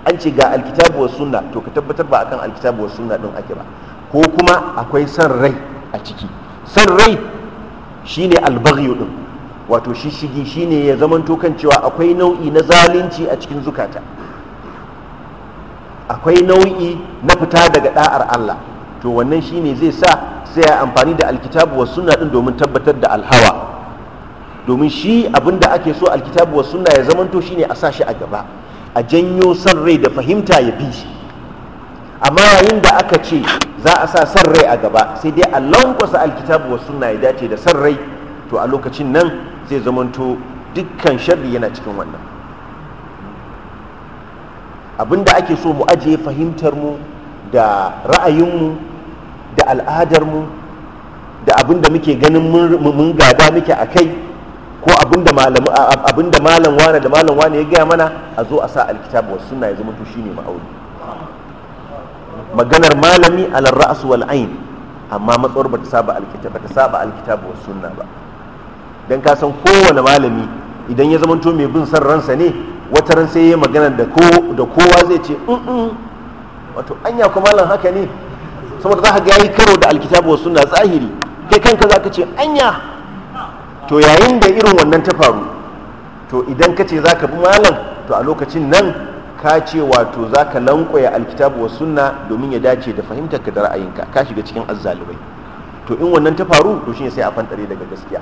Speaker 2: an ce ga alkitabu wasu suna to ka tabbatar ba akan alkitabu wasu suna din ake ba ko kuma akwai san rai a ciki san rai shine albaghyu din wato shishigi shine ya zamanto kan cewa akwai nau'i na zalunci a cikin zukata akwai nau'i na fita daga da'ar Allah to wannan shine zai sa sai ya amfani da alkitabu wa sunna din domin tabbatar da alhawa domin shi abinda ake so alkitabu wa sunna ya zamanto shine a sashi a gaba a janyo san rai da fahimta ya bi shi amma yayin da aka ce za a sa san rai a gaba sai dai a lankwasa alkitabu wa sunna ya dace da san rai to a lokacin nan zai zamanto dukkan sharri yana cikin wannan abinda ake so mu ajiye fahimtar mu da ra'ayinmu da al'adarmu da abinda muke ganin mun gada muke a kai ko abinda malam abinda malam wane da malam wane ya gaya mana a zo a sa alkitabu wasu sunna ya zama to shine ma'auni maganar malami alal ra'su wal ain amma matsawar bata saba alkitabu bata saba alkitabu wasu sunna ba dan ka san kowane malami idan ya zama to mai bin san ransa ne wata ran sai ya magana da kowa zai ce mm, mm. wato anya kuma malam haka ne saboda za ka ga yi karo da alkitabu wa sunna zahiri kai kanka za ka ce anya to yayin da irin wannan ta faru to idan ka ce za ka bi malam to a lokacin nan ka ce wato za ka lankwaya alkitabu wa sunna domin ya dace da fahimtar ka da ra'ayinka ka shiga cikin azzalibai to in wannan ta faru to shine sai a fantare daga gaskiya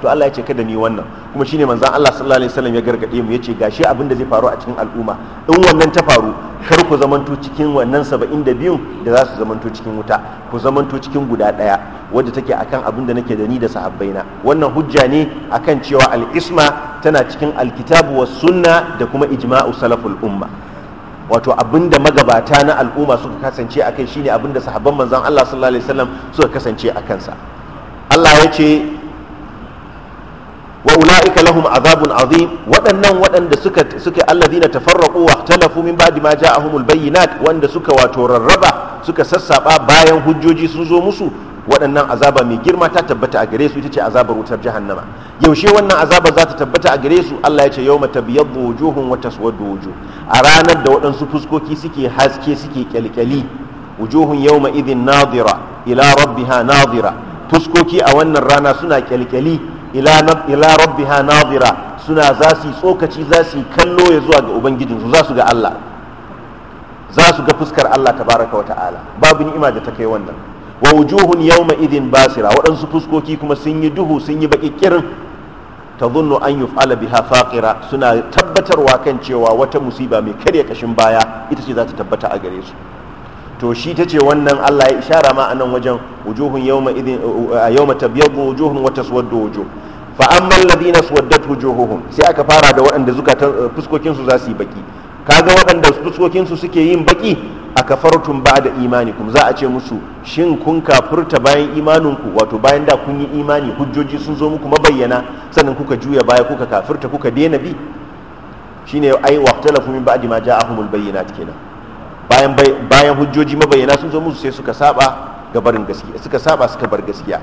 Speaker 2: to Allah ya ce kada mu wannan kuma shine manzon Allah sallallahu alaihi wasallam ya gargade mu yace gashi abin da zai faru a cikin al'umma in wannan ta faru kar ku zamanto cikin wannan 72 da za su zamanto cikin wuta ku zamanto cikin guda daya wadda take akan abin da nake da ni da sahabbaina wannan hujja ne akan cewa al-isma tana cikin al-kitabu was sunna da kuma ijma'u salaful umma wato abinda magabata na al'umma suka kasance a kai shine abinda sahabban manzon Allah sallallahu alaihi wasallam suka kasance a kansa Allah ya ce wa ula'ika lahum azabun azim waɗannan waɗanda suka suka allazina tafarraqu wa ikhtalafu min ba'di ma ja'ahumul bayyinat wanda suka wato rarraba suka sassaba bayan hujjoji sun zo musu waɗannan azaba mai girma ta tabbata a gare su ita ce azabar wutar jahannama yaushe wannan azabar za ta tabbata a gare su Allah ya ce yawma tabyaddu wujuhun wa taswaddu wujuh a ranar da waɗansu fuskoki suke haske suke kyalkyali wujuhun yawma idhin nadira ila rabbiha nadira fuskoki a wannan rana suna kyalkyali ila rabbiha nazira suna za su yi tsokaci za su yi kallo ya zuwa ga ubangijinsu za su ga Allah za su ga fuskar Allah ta baraka wa ta'ala babu ni'ima da ta kai wannan wa wujuhun yawma idin basira waɗansu fuskoki kuma sun yi duhu sun yi baƙiƙirin ta zunnu an yuf'ala biha faƙira suna tabbatarwa kan cewa wata musiba mai karya ƙashin baya ita ce za ta tabbata a gare su to shi ta ce wannan Allah ya ishara ma a nan wajen wujuhun yawma uh, uh, uh, tabyadu wujuhun wa taswaddu wujuh fa amma alladhina swaddat sai aka fara da waɗanda zuka ta fuskokinsu za su yi baki kaga waɗanda fuskokinsu suke yin baki a da imani kuma za a ce musu shin kun kafurta bayan imaninku wato bayan da kun yi imani hujjoji sun zo muku mabayyana sannan kuka juya baya kuka kafurta kuka daina bi shine ai waqtalafu min ba'di ma ja'ahumul bayyinat kenan bayan hujjoji mabayyana sun zo musu sai suka saba ga barin gaskiya suka saba suka bar gaskiya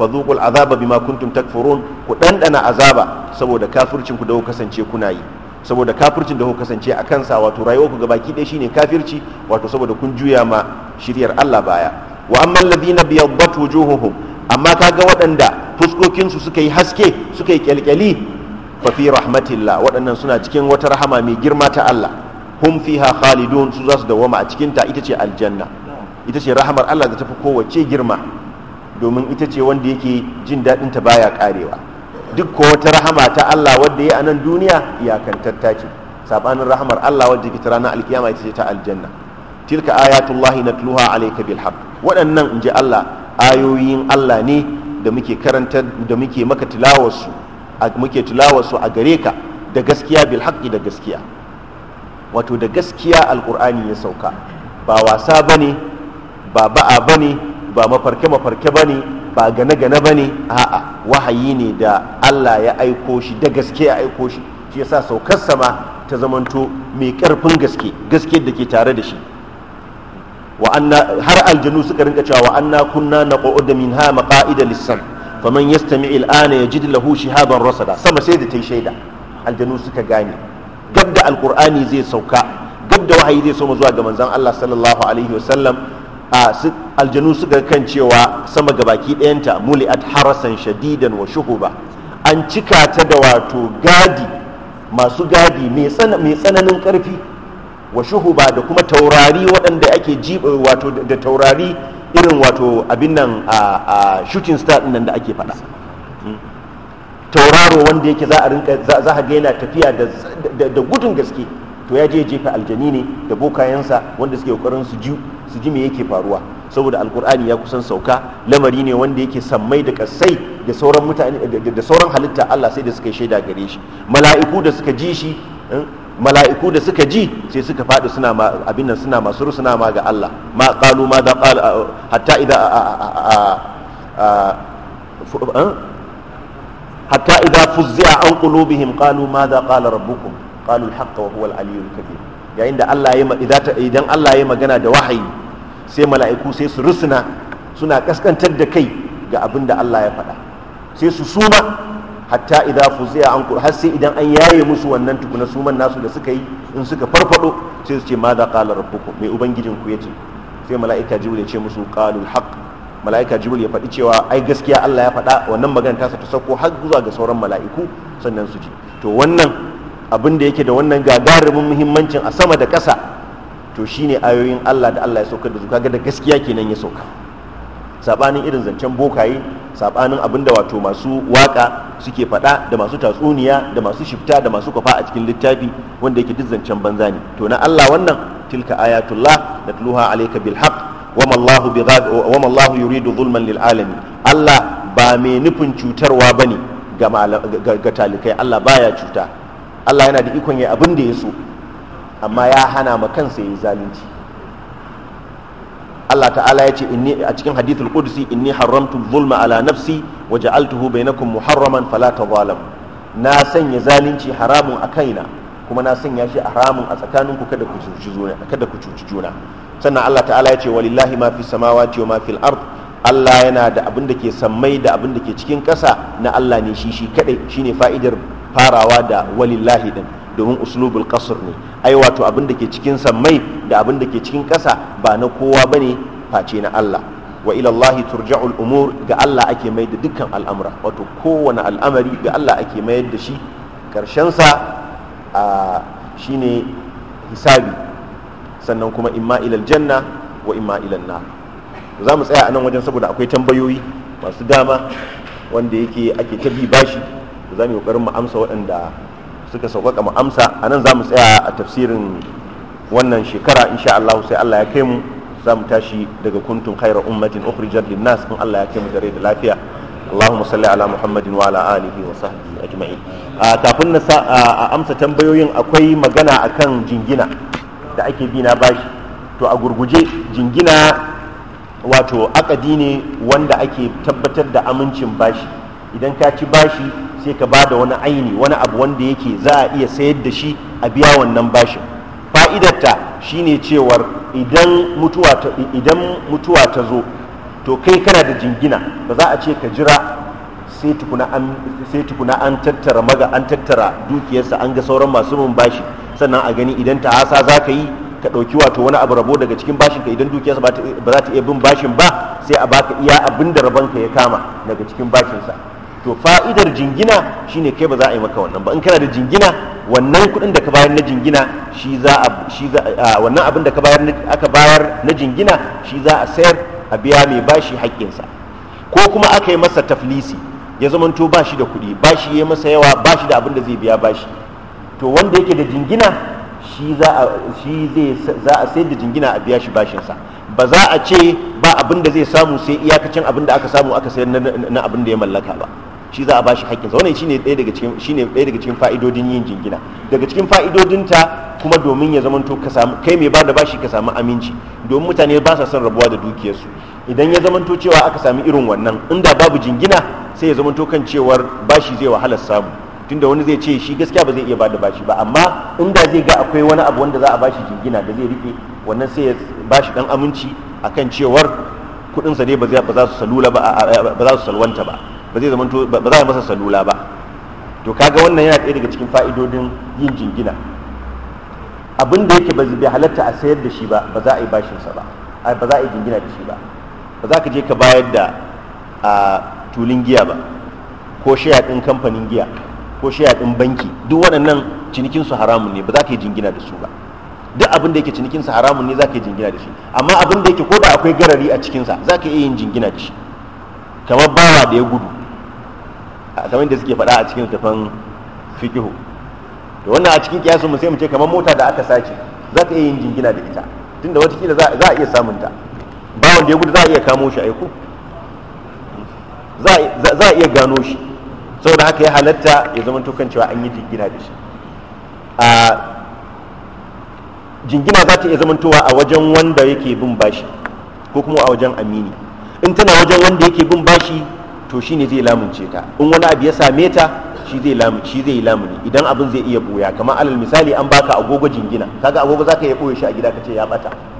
Speaker 2: fadhuqul azaba bima kuntum takfurun ku dandana azaba saboda kafircin ku da ku kasance kuna yi saboda kafircin da kuka kasance a kansa wato rayuwar ku gabaki ɗaya shine kafirci wato saboda kun juya ma shiryar Allah baya wa amma alladhina biyaddat wujuhuhum amma kaga waɗanda fuskokin su suka yi haske suka yi kyalkyali fa fi rahmatillah waɗannan suna cikin wata rahama mai girma ta Allah hum fiha khalidun su zasu su dawama a cikin ta ita ce aljanna ita ce rahamar Allah da tafi kowace girma domin ita ce wanda yake jin daɗin ta baya karewa duk ko wata rahama ta Allah wadda ya a nan duniya iyakantatta ce sabanin rahamar Allah wadda ke tara na alkiyama ita ce ta aljanna tilka ayatullahi natluha alayka bil haqq waɗannan inji Allah ayoyin Allah ne da muke karanta da muke maka tilawarsu muke tilawarsu a gare ka da gaskiya bil haqqi da gaskiya wato da gaskiya alkur'ani ya sauka ba wasa ba ne, ba ba'a ba ne, ba mafarke mafarke ne, ba gane gane ba bane a'a wahayi ne da Allah ya aiko shi da gaske ya aiko shi shi sa saukar sama ta zamanto mai karfin gaske gaske da ke tare da shi har aljanu suka rinka cewa wa anna kunna naqa'udu minha ha maƙa'ida lissan faman yastami' al-ana yajid lahu rasa rasada sama sai da ta yi shaida aljanu suka gane gab da alkur'ani zai sauka gab da wahayi zai soma zuwa ga manzan Allah sallallahu alaihi wasallam aljanu suka kan cewa sama ga baki ɗayanta muli'at harasan shadidan wa shuhuba an cika ta da wato gadi masu gadi mai tsananin karfi wa shuhuba da kuma taurari waɗanda ake jiba wato da taurari irin wato abin nan a shooting star nan da ake faɗa hmm. tauraro wanda yake za a rinka za a ga yana tafiya da gudun gaske to ya je jefa aljani ne da bokayensa wanda suke kokarin su ji su ji me yake faruwa saboda alkur'ani ya kusan sauka lamari ne wanda yake sammai da kasai da sauran mutane da sauran halitta Allah sai da suka shaida gare shi mala'iku da suka ji shi eh, mala'iku da suka ji sai suka faɗi suna abin nan suna masu rusuna ma ga Allah ma qalu ma da qala hatta idza hatta idza fuzzi'a an qulubihim qalu madha qala rabbukum qalu al-haqqa wa huwa yayin da Allah idan idan Allah ya magana da wahayi sai mala'iku sai su rusuna suna kaskantar da kai ga abin da Allah ya faɗa sai su suma hatta idza fuzia an har sai idan an yaye musu wannan tukuna suman nasu da suka yi in suka farfaɗo sai su ce ma za qala rabbukum mai ubangijin ku yace sai mala'ika jibril ya ce musu qalu haqq mala'ika jibril ya faɗi cewa ai gaskiya Allah ya faɗa wannan magana ta ta sauko har zuwa ga sauran mala'iku sannan su ji to wannan abin da yake da wannan gagarumin muhimmancin a sama da ƙasa to shine ayoyin Allah da Allah ya sauka da su kaga da gaskiya kenan ya sauka sabanin irin zancen bokaye sabanin abin da wato masu waka suke faɗa da masu tatsuniya da masu shifta da masu kwafa a cikin littafi wanda yake duk zancen banza ne to na Allah wannan tilka ayatullah natluha alayka bil haqq wama Allahu yuridu zulman lil alamin Allah ba mai nufin cutarwa ba ne ga talikai Allah baya cuta Allah yana da ikon ya abin da ya so amma ya hana ma kansa yi zalunci Allah ta'ala ya ce inni a cikin hadithul qudsi inni haramtu zulma ala nafsi wa ja'altuhu bainakum muharraman fala tadhalamu na sanya zalunci haramun a kaina kuma na sanya shi a haramun a tsakanin ku kada ku cuci juna kada ku cuci juna sannan Allah ta'ala ya ce walillahi ma fi samawati wa ma fil ard Allah yana da abin da ke sammai da abin da ke cikin ƙasa na Allah ne shi shi kadai shine fa'idar farawa da walillahi din domin uslubul qasr ne ai wato abin da ke cikin sammai da abin da ke cikin ƙasa ba na kowa bane face na Allah wa ilallahi turja'ul umur ga Allah ake mai da dukkan al'amura wato kowane al'amari ga Allah ake mayar da shi karshensa A shi ne hisabi sannan kuma imma ilal janna wa imma ilal na za mu tsaya a nan wajen saboda akwai tambayoyi masu dama wanda yake ake ta bi bashi da za mu yi ƙoƙarin mu amsa waɗanda suka sauƙaƙa mu amsa a nan za mu tsaya a tafsirin wannan shekara insha Allah sai Allah ya kai mu za mu tashi daga kuntun khairu ummatin ukhrijat lin nas in Allah ya kai mu dare da lafiya Allahumma salli ala Muhammadin wa ala alihi wa sahbihi ajma'in kafin na amsa tambayoyin akwai magana akan jingina da ake bi na bashi to a gurguje jingina wato akadi ne wanda ake tabbatar da amincin bashi idan ka ci bashi sai ka bada wani aini wani abu wanda yake za a iya sayar da shi a biya wannan bashin fa'idarta shine cewar idan mutuwa ta zo to kai kana da jingina ba za a ce ka jira sai tukuna an tattara maga an tattara dukiyarsa an ga sauran masu mun bashi sannan a gani idan ta hasa za ka yi ka ɗauki wato wani abu rabo daga cikin bashinka idan dukiyarsa ba za ta iya bin bashin ba sai a baka iya abin da rabonka ya kama daga cikin bashinsa to fa'idar jingina shine kai ba za a yi maka wannan ba in kana da jingina wannan kuɗin da ka bayar na jingina shi za a shi za wannan abin da ka bayar aka bayar na jingina shi za a sayar a biya mai bashi haƙƙinsa ko kuma aka yi masa taflisi ya zamanto ba shi da kuɗi ba shi ya masa yawa ba shi da abin da zai biya ba shi to wanda yake da jingina shi za a shi da jingina a biya shi bashinsa ba za a ce ba abin da zai samu sai iyakacin abin da aka samu aka sayar na abin da ya mallaka ba shi za a bashi haƙƙinsa wannan shine ɗaya daga cikin shine ɗaya daga cikin fa'idodin yin jingina daga cikin fa'idodinta kuma domin ya zamanto ka samu kai mai bada bashi ka samu aminci domin mutane ba sa son rabuwa da dukiyarsu idan ya zamanto cewa aka sami irin wannan inda babu jingina sai ya zamanto kan cewar bashi zai wahalar samu tunda wani zai ce shi gaskiya ba zai iya bada bashi ba amma inda zai ga akwai wani abu wanda za a bashi jingina da zai rike wannan sai ya bashi dan aminci akan cewar kudin sa dai ba za su salula ba ba za su salwanta ba ba zai zamanto ba za a masa salula ba to kaga wannan yana ɗaya daga cikin fa'idodin yin jingina abin da yake ba halatta a sayar da shi ba ba za a yi bashinsa ba ba za a yi jingina da shi ba ba za ka je ka bayar da a tulin giya ba ko shaya kamfanin giya ko shaya banki duk waɗannan cinikinsu haramun ne ba za ka yi jingina da su ba duk abin da yake cinikinsa haramun ne za ka yi jingina da shi amma abin da yake ko da akwai garari a cikinsa za ka iya yin jingina da shi kamar bawa da ya gudu kamar da suke faɗa a cikin tafan fikihu to wannan a cikin kiyasin mu sai mu ce kamar mota da aka sace za ka iya yin jingina da ita tunda watakila za a iya samunta bawan da ya gudu za a iya kamo shi aiko za a iya gano shi saboda haka ya halatta ya zama tukan cewa an yi jingina da shi a jingina za ta iya towa a wajen wanda yake bin bashi ko kuma a wajen amini in tana wajen wanda yake bin bashi to shi ne zai lamunce ta in wani abu ya same ta shi zai lamunce shi zai lamuni idan abin zai iya buya kamar alal misali an baka agogo jingina kaga agogo zaka iya boye shi a gida kace ya bata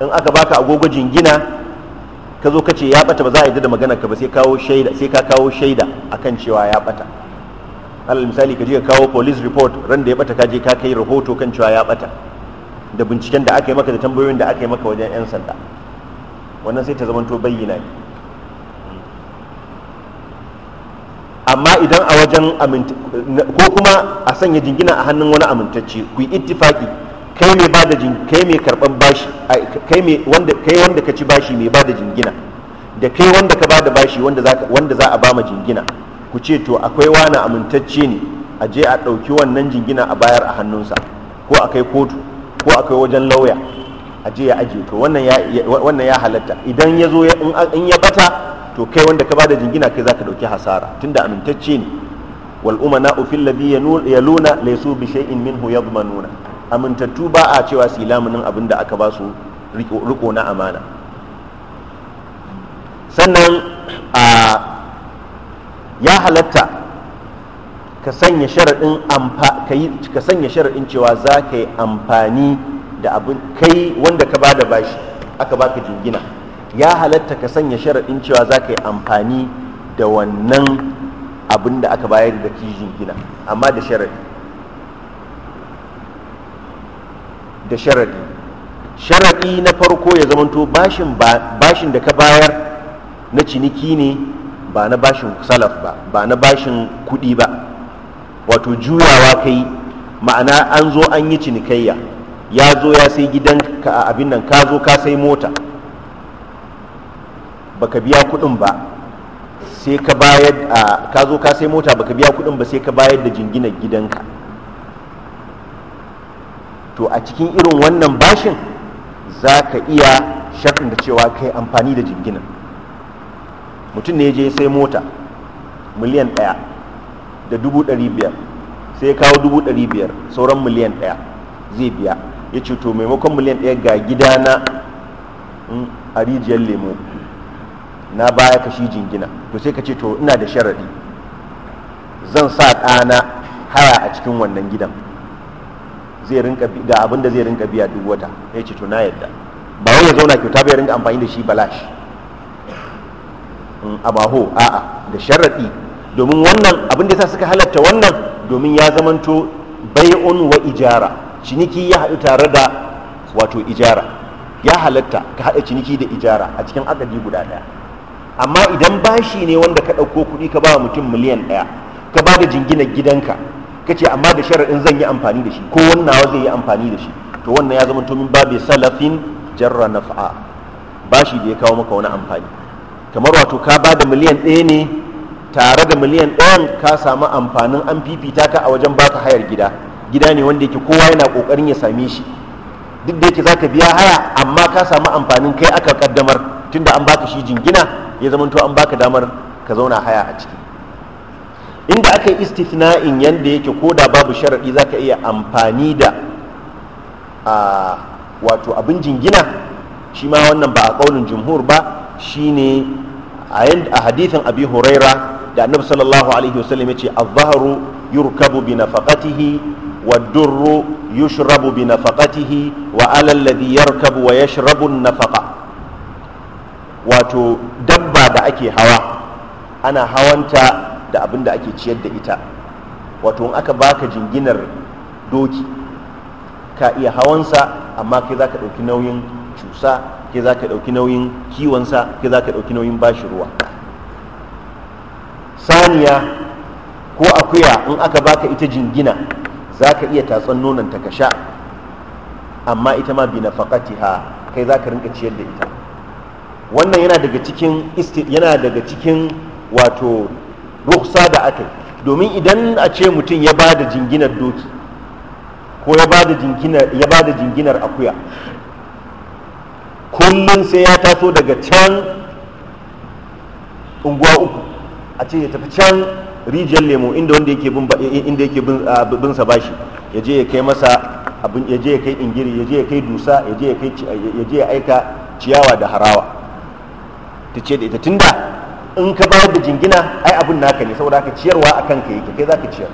Speaker 2: in aka baka agogo jingina ka zo ka ce ya bata ba za a yi da magana ka ba sai kawo shaida sai ka kawo shaida akan cewa ya bata alal misali ka je ka kawo police report ran da ya bata ka je ka kai rahoto kan cewa ya bata da binciken da aka yi maka da tambayoyin da aka yi maka wajen yan sanda wannan sai ta zamanto bayyana ne amma idan a wajen ko kuma a sanya jingina a hannun wani amintacce ku yi ittifaki kai mai da jin kai mai karban bashi kai wanda kai wanda ka ci bashi mai bada jingina da kai wanda ka ba da bashi wanda za wanda za a jingina ku ce to akwai wani amintacce ne a je a ɗauki wannan jingina a bayar a hannunsa ko a kai kotu ko a kai wajen lauya a je ya ajiye to wannan ya wannan ya halatta idan ya zo in ya bata to kai wanda ka ba da jingina kai za ka ɗauki hasara tunda amintacce ne wal umana fil ladhi yaluna laysu bi shay'in minhu yadmanuna amintattu ba a cewa su yi lamunin abin da aka ba su riko na amana sannan a ya halatta ka sanya sharaɗin ka sanya sharaɗin cewa za ka yi amfani da abin kai wanda ka ba da bashi aka ba ka jingina ya halatta ka sanya sharaɗin cewa za ka yi amfani da wannan abin da aka bayar da ki jingina amma da sharaɗi da sharaɗi sharaɗi na farko ya zamanto bashin da ka bayar na ciniki ne ba na bashin salaf ba ba na bashin kuɗi ba wato juyawa kai ma'ana an zo an yi cinikayya ya zo ya sai gidan ka abin nan ka zo ka sai mota baka biya kuɗin ba sai ka bayar ka zo ka sai mota baka biya kuɗin ba sai ka bayar da jinginar gidanka to a cikin irin wannan bashin za ka iya shakin da cewa kai amfani da jinginan mutum ne je sai mota miliyan ɗaya da dubu ɗari biyar sai ya kawo dubu ɗari biyar sauran miliyan ɗaya zai biya ya ce to maimakon miliyan ɗaya ga gidana mm, a rijiyar lemo na baya kashi jingina to sai ka ce to ina da sharaɗi zan sa ɗana haya a cikin wannan gidan zai rinka ga abin da zai rinka biya duk wata ya ce to na yadda ba wai ya zauna kyauta ba ya rinka amfani da shi balash mm, abaho a'a da sharaɗi domin wannan abin da sa suka halatta wannan domin ya zamanto bai'un wa ijara ciniki ya haɗu tare da wato ijara ya halatta ka haɗa ciniki da ijara a cikin akadi guda ɗaya amma idan bashi ne wanda ka ɗauko kuɗi ka ba mutum miliyan ɗaya ka ba da jingina gidanka kace amma da in zan yi amfani da shi ko wannawa zai yi amfani da shi to wannan ya zama to min babu salafin jarra naf'a bashi da ya kawo maka wani amfani kamar wato ka ba da miliyan ɗaya ne tare da miliyan ɗayan ka samu amfanin an fifita ka a wajen baka hayar gida gida ne wanda yake kowa yana ƙoƙarin ya same shi duk da yake za ka biya haya amma ka samu amfanin kai aka kaddamar tunda an baka shi jingina ya zama to an baka damar ka zauna haya a ciki inda aka yi istithna'in yanda yake ko da babu sharaɗi za ka iya amfani da a wato abin jingina shi ma wannan ba a ƙaunin jumhur ba shine a hadithin abi huraira da annabi sallallahu alaihi wasallam ya ce azharu yurkabu bi nafaqatihi والدر يشرب wa وعلى الذي يركب ويشرب النفقة wato dabba da ake hawa ana hawanta da abin da ake ciyar da ita wato in aka baka jinginar doki ka iya hawansa amma kai za ka ɗauki nauyin cusa kai za ka ɗauki nauyin kiwonsa kai za ka ɗauki nauyin bashi ruwa saniya ko akuya in aka baka ita jingina za ka iya tatsan nonanta ka sha amma ita ma bi nafaqatiha kai za ka rinka ciyar da ita wannan yana daga cikin yana daga cikin wato ruhsa da aka yi domin idan a ce mutum ya ba da jinginar doki ko ya ba da jinginar akuya kullum sai ya taso daga can unguwa uku a ce ya tafi can rijiyar lemo inda wanda yake bin sa bashi ya je ya kai masa abin ya je ya kai ingiri ya je ya kai dusa ya ya je ya aika ciyawa da harawa ta ce da ita tunda in ka bayar da jingina ai abin naka ne saboda haka ciyarwa a kanka yake kai za ka ciyar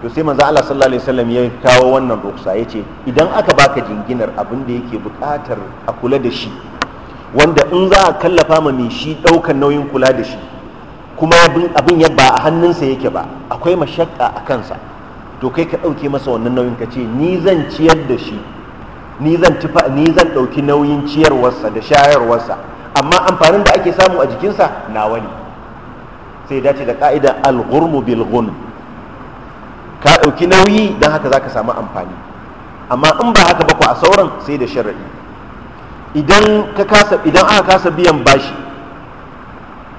Speaker 2: to sai manzo Allah sallallahu alaihi wasallam ya kawo wannan ruksa yace idan aka baka jinginar abin da yake buƙatar a kula da shi wanda in za a kallafa ma mai shi ɗaukar nauyin kula da shi kuma abin ya ba a hannunsa yake ba akwai mashakka a kansa to kai ka ɗauke masa wannan nauyin ka ce ni zan ciyar da shi ni zan ɗauki nauyin ciyarwarsa da shayarwarsa amma amfanin da ake samu a jikinsa na wani sai dace da ka'ida al-ghurmu bil ka ɗauki nauyi dan haka zaka samu amfani amma in ba haka ba ku a sauran sai da sharaɗi idan ka kasa idan aka kasa biyan bashi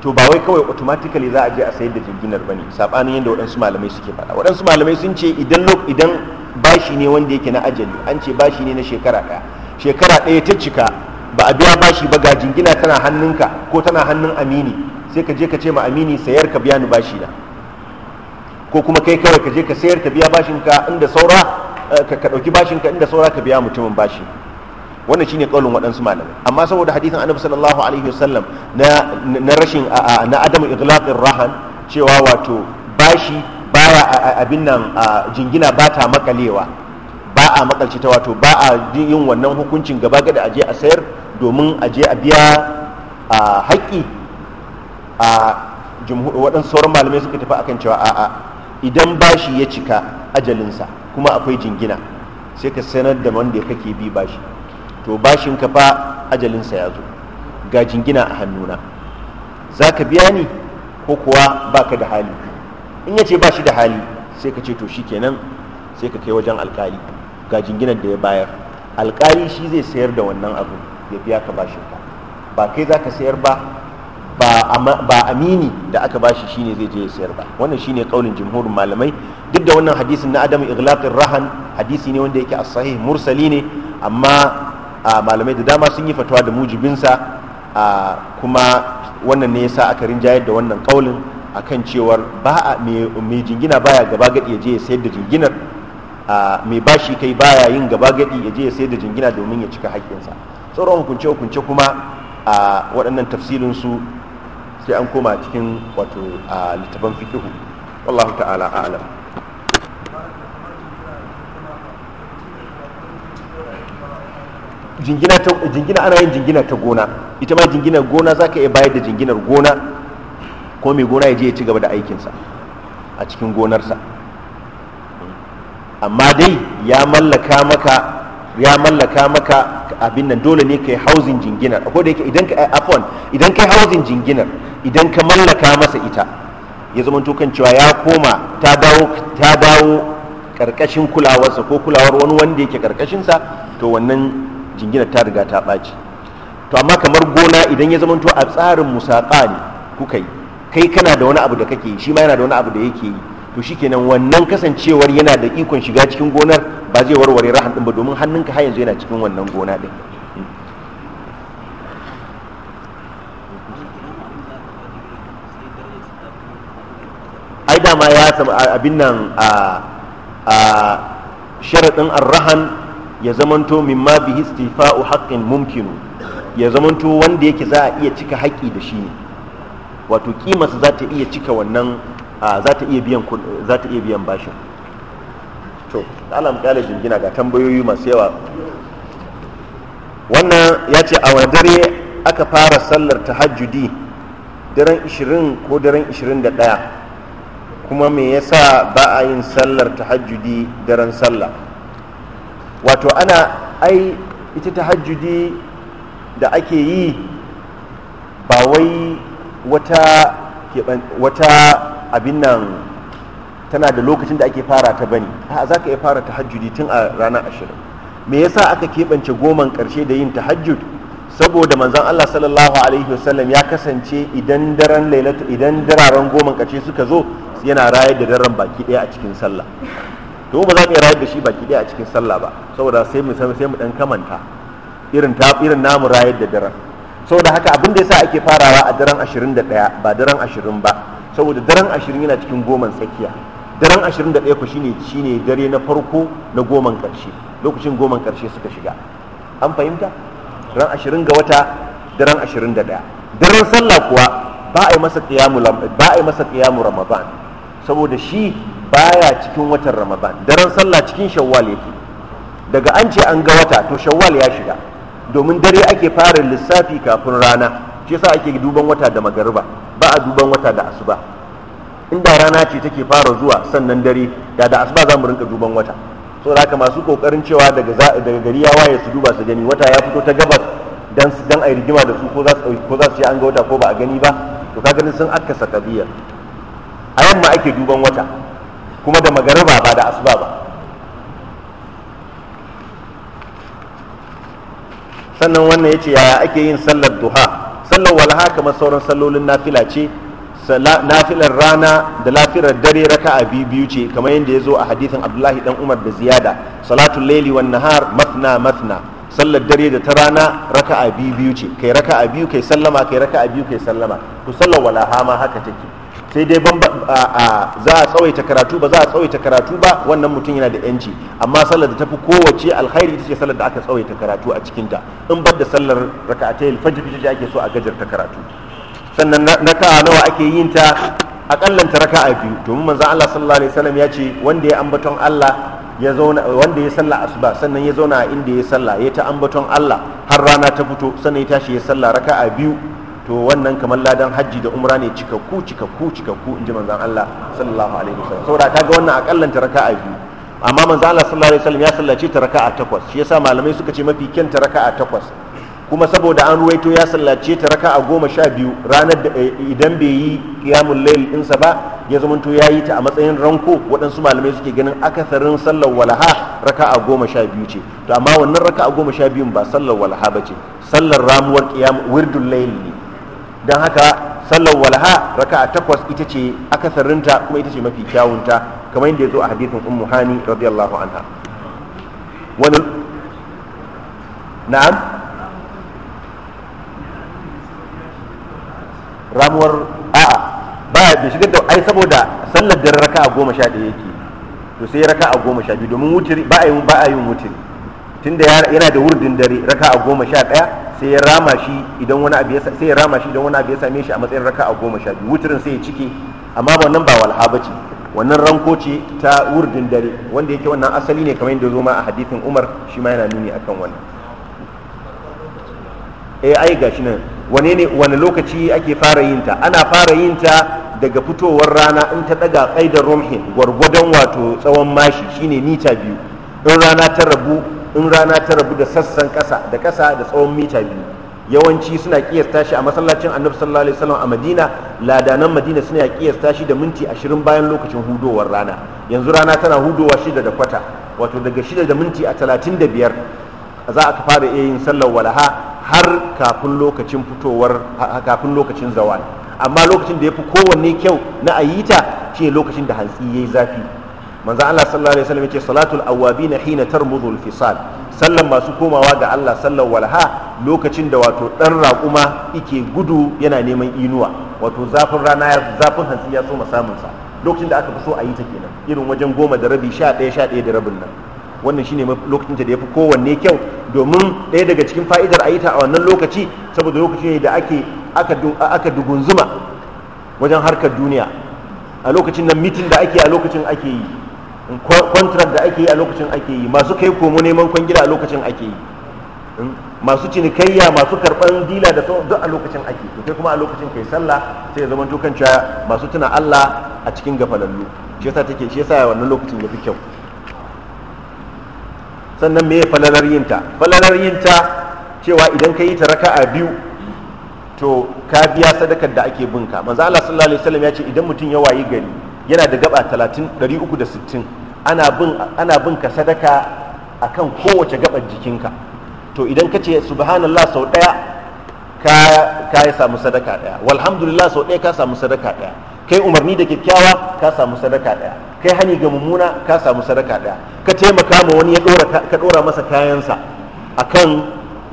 Speaker 2: to ba wai kawai automatically za a je a sayar da jinginar bane sabanin yadda waɗansu malamai suke faɗa waɗansu malamai sun ce idan idan bashi ne wanda yake na ajali an ce bashi ne na shekara ɗaya shekara ɗaya ta cika ba a biya bashi ba ga jingina tana hannunka ko tana hannun amini sai ka je ka ce ma amini sayar ka biya ni bashi na ko kuma kai kawai ka je ka sayar ka biya bashin inda saura eh, ka ɗauki bashin ka inda saura ka biya mutumin bashi wannan shine kaulin waɗansu malamai amma saboda hadisin annabi sallallahu alaihi wasallam na na rashin na adam ighlaqir rahan cewa wato bashi baya abin nan jingina ba ta makalewa ba a makalci ta wato ba a yin wannan hukuncin gaba gada je a sayar domin a je a biya a haƙƙi a waɗansu sauran malamai suka tafi akan cewa a'a idan bashi ya cika ajalinsa kuma akwai jingina sai ka sanar da wanda kake bi bashi to bashin ka fa ajalinsa ya zo ga jingina a hannuna za ka biya ni ko kuwa baka da hali in ya ce bashi da hali sai ka ce to shikenan sai ka kai wajen alkali ga jinginan da ya bayar alkali shi zai sayar da wannan abu ya biya ka bashin ka ba kai za ka sayar ba ba amini da aka bashi shine zai je ya sayar ba wannan shine kaulin jumhurin malamai duk da wannan hadisin na adamu ighlaqir rahan hadisi ne wanda yake as-sahih mursali ne amma malamai da dama sun yi fatawa da mujibin sa kuma wannan ne yasa aka rinjayar da wannan kaulin akan cewar ba mai jingina baya gaba gadi ya je ya sayar da jinginar mai bashi kai baya yin gaba gadi ya je ya sayar da jingina domin ya cika haƙƙinsa sauran hukunce hukunce kuma a waɗannan tafsilinsu sai an koma cikin wato a littafan fikihu wallahu ta'ala a'lam jingina ana yin jingina ta gona ita ma jinginar gona za ka iya bayar da jinginar gona ko mai gona ya je ya ci gaba da aikinsa a cikin gonarsa amma dai ya mallaka maka ya mallaka maka abin nan dole ne ka yi hauzin jinginar ko da yake idan ka afon idan ka yi hauzin jinginar idan ka mallaka masa ita ya zama tukan cewa ya koma ta dawo ta dawo karkashin kulawarsa ko kulawar wani wanda yake karkashin sa to wannan jinginar ta riga ta ɓaci to amma kamar gona idan ya zama to a tsarin musaka ne kuka yi kai kana da wani abu da kake yi shi ma yana da wani abu da yake yi to shi shikenan wannan kasancewar yana da ikon shiga cikin gona ba zai warware rahan din ba domin hannunka har yanzu yana cikin wannan gona din ai dama ya sabu abin nan a sharaɗin arrahan ya zamanto ma bihi istifa'u haqqin mumkinu ya zamanto wanda yake za a iya cika haƙƙi da shi ne wato kimarsa za ta iya cika wannan za ta iya biyan bashin to ala kyale jingina ga tambayoyi masu yawa wannan ya ce a wani dare aka fara sallar tahajjudi daren 20 ko daren 21 kuma me yasa ba a yin sallar tahajjudi daren sallah wato ana ai ita tahajjudi da ake yi ba wai wata abin nan tana da lokacin da ake fara ta bane a za ka iya fara tahajjudi tun a ranar ashirin me yasa aka keɓance goman ƙarshe da yin tahajjud saboda manzon Allah sallallahu alaihi wasallam ya kasance idan daren lailatu idan dararen goman ƙarshe suka zo yana rayar da daren baki ɗaya a cikin sallah to ba za mu iya rayar da shi baki ɗaya a cikin sallah ba saboda sai mu sai mu dan kamanta irin ta irin namu rayar da daren saboda haka abin da yasa ake farawa a daren 21 ba daren 20 ba saboda daren 20 yana cikin goman tsakiya daren 21 ku shine shine dare na farko na goman karshe lokacin goman karshe suka shiga an fahimta ran 20 ga wata daren 21 daren sallah kuwa ba a yi masa qiyamu ba a yi masa qiyamu ramadan saboda shi baya cikin watan ramadan daren sallah cikin shawwal yake daga an ce an ga wata to shawwal ya shiga domin dare ake fara lissafi kafin rana shi yasa ake duban wata da magariba ba a duban wata da asuba inda rana ce take fara zuwa sannan dare da da asuba za mu rinka duban wata so da haka masu kokarin cewa daga daga gari ya waye su duba su gani wata ya fito ta gabas dan dan ai rigima da su ko za su ko za su an ga wata ko ba a gani ba to ka gani sun akkasa kabiya a yamma ake duban wata kuma da magariba ba da asuba ba sannan wannan yace yaya ake yin sallar duha sallar walha kamar sauran sallolin nafila ce nafilar rana da nafilar dare raka'a biyu ce kamar yadda ya zo a hadithin abdullahi dan umar da ziyada salatul laili wan nahar mathna mathna sallar dare da ta rana raka'a biyu ce kai raka'a biyu kai sallama kai raka'a biyu kai sallama ku sallar wala hama haka take sai dai za a tsawaita karatu ba za a tsawaita karatu ba wannan mutum yana da yanci amma sallar da tafi kowace alkhairi ita ce sallar da aka tsawaita karatu a cikinta in bar da sallar raka'atayil fajr ita ce ake so a gajarta karatu sannan na ka'a nawa ake yin ta akallanta a biyu domin manzan Allah sallallahu alaihi wasallam ya ce wanda ya ambaton Allah ya zauna wanda ya salla asuba sannan ya zauna a inda ya salla ya ta ambaton Allah har rana ta fito sannan ya tashi ya raka raka'a biyu to wannan kamar ladan hajji da umra ne cikakku cikakku cikakku inji manzon Allah sallallahu alaihi wasallam saboda ta ga wannan akallanta raka'a biyu amma manzan Allah sallallahu alaihi wasallam ya sallace ta raka'a takwas shi yasa malamai suka ce mafi ta raka'a takwas kuma saboda an ruwaito ya sallace ta raka a goma sha biyu ranar da eh, idan bai yi kiyamun layil ɗinsa ba ya zamanto ya yi ta a matsayin ranko waɗansu malamai suke ganin akasarin sallar walaha raka a goma sha biyu ce to amma wannan raka a goma sha biyun ba sallar walaha ba ce sallar ramuwar kiyamun wirdun layil ne don haka sallar walaha raka a takwas ita ce akasarinta kuma ita ce mafi kyawunta kamar yadda ya zo a hadithin ummu hani radiyallahu anha wani na'am ramuwar a'a ba bai shigar da ai saboda sallar raka a goma sha ɗaya yake to sai raka a goma sha biyu domin wutiri ba a yi ba a yi wutiri tunda yana da wurdin dare raka a goma sha ɗaya sai ya rama shi idan wani abu ya sai ya rama shi idan wani abu ya same shi a matsayin raka a goma sha biyu wutirin sai ya cike amma wannan ba walha ce wannan ranko ce ta wurdin dare wanda yake wannan asali ne kamar yadda zo ma a hadithin Umar shi ma yana nuni akan wannan eh ai gashi nan wane ne wani lokaci ake fara yin ta ana fara yin ta daga fitowar rana in ta daga kaidar rumhin gwargwadon wato tsawon mashi shine mita biyu in rana ta rabu in rana ta rabu da sassan kasa da kasa da tsawon mita biyu yawanci suna kiyasta shi a masallacin annabi sallallahu alaihi wasallam a madina ladanan madina suna kiyasta shi da minti 20 bayan lokacin hudowar rana yanzu rana tana hudowa shida da kwata wato daga shida da minti a 35 za a fara yin sallar walaha har kafin lokacin fitowar kafin lokacin zawal amma lokacin da ya fi kowanne kyau na ayita shi lokacin da hantsi ya yi zafi manzo Allah sallallahu alaihi wasallam yake salatul awabin hina tarmudhu al-fisal sallan masu komawa ga Allah sallallahu walha lokacin da wato dan raƙuma yake gudu yana neman inuwa wato zafin rana ya zafin hantsi ya so samun sa lokacin da aka fi so a yi ta kenan irin wajen goma da rabi sha ɗaya sha ɗaya da rabin nan wannan shine lokacin da ya fi kowanne kyau domin ɗaya daga cikin fa'idar a yi ta a wannan lokaci saboda lokaci ne da ake aka dugunzuma wajen harkar duniya a lokacin nan mitin da ake a lokacin ake yi contract da ake yi a lokacin ake yi masu kai komo neman kwangila a lokacin ake yi hmm? masu cinikayya masu karban dila da duk a lokacin ake to kai kuma a lokacin kai sallah sai ya zama cewa masu tuna Allah a cikin gafalallu shi yasa take shi yasa wannan lokacin ya fi kyau sannan me falalar yinta falalar yinta cewa idan ka yi ta a biyu to ka biya sadakar da ake binka manzo Allah sallallahu alaihi wasallam ya ce idan mutum ya wayi gari yana da gaba 30 360 ana bin ana bin ka sadaka akan kowace gabar jikinka to idan ka ce subhanallah sau daya ka ka ya samu sadaka daya walhamdulillah sau daya ka samu sadaka daya kai umarni da kyakkyawa ka samu sadaka daya kai hani ga mummuna ka samu sadaka ɗaya ka taimaka ma wani ya dora ka dora masa kayansa akan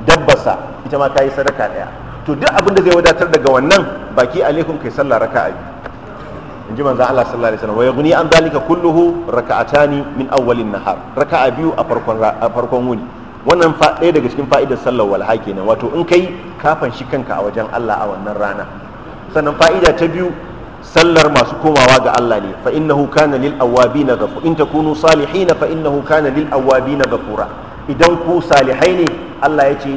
Speaker 2: dabbarsa ita ma kayi sadaka ɗaya to duk abin da zai wadatar daga wannan baki alaikum kai sallah raka'a in ji manzo Allah sallallahu alaihi wasallam wa yughni an dalika kulluhu raka'atani min awwalin nahar raka'a biyu a farkon a farkon wuni wannan ɗaya daga cikin fa'idar sallar walha kenan wato in kai kafan shi kanka a wajen Allah a wannan rana sannan fa'ida ta biyu sallar masu komawa ga Allah ne fa innahu kana lil awabina ghafur in takunu salihin fa innahu kana lil awabina ghafura idan ku salihai ne Allah ya ce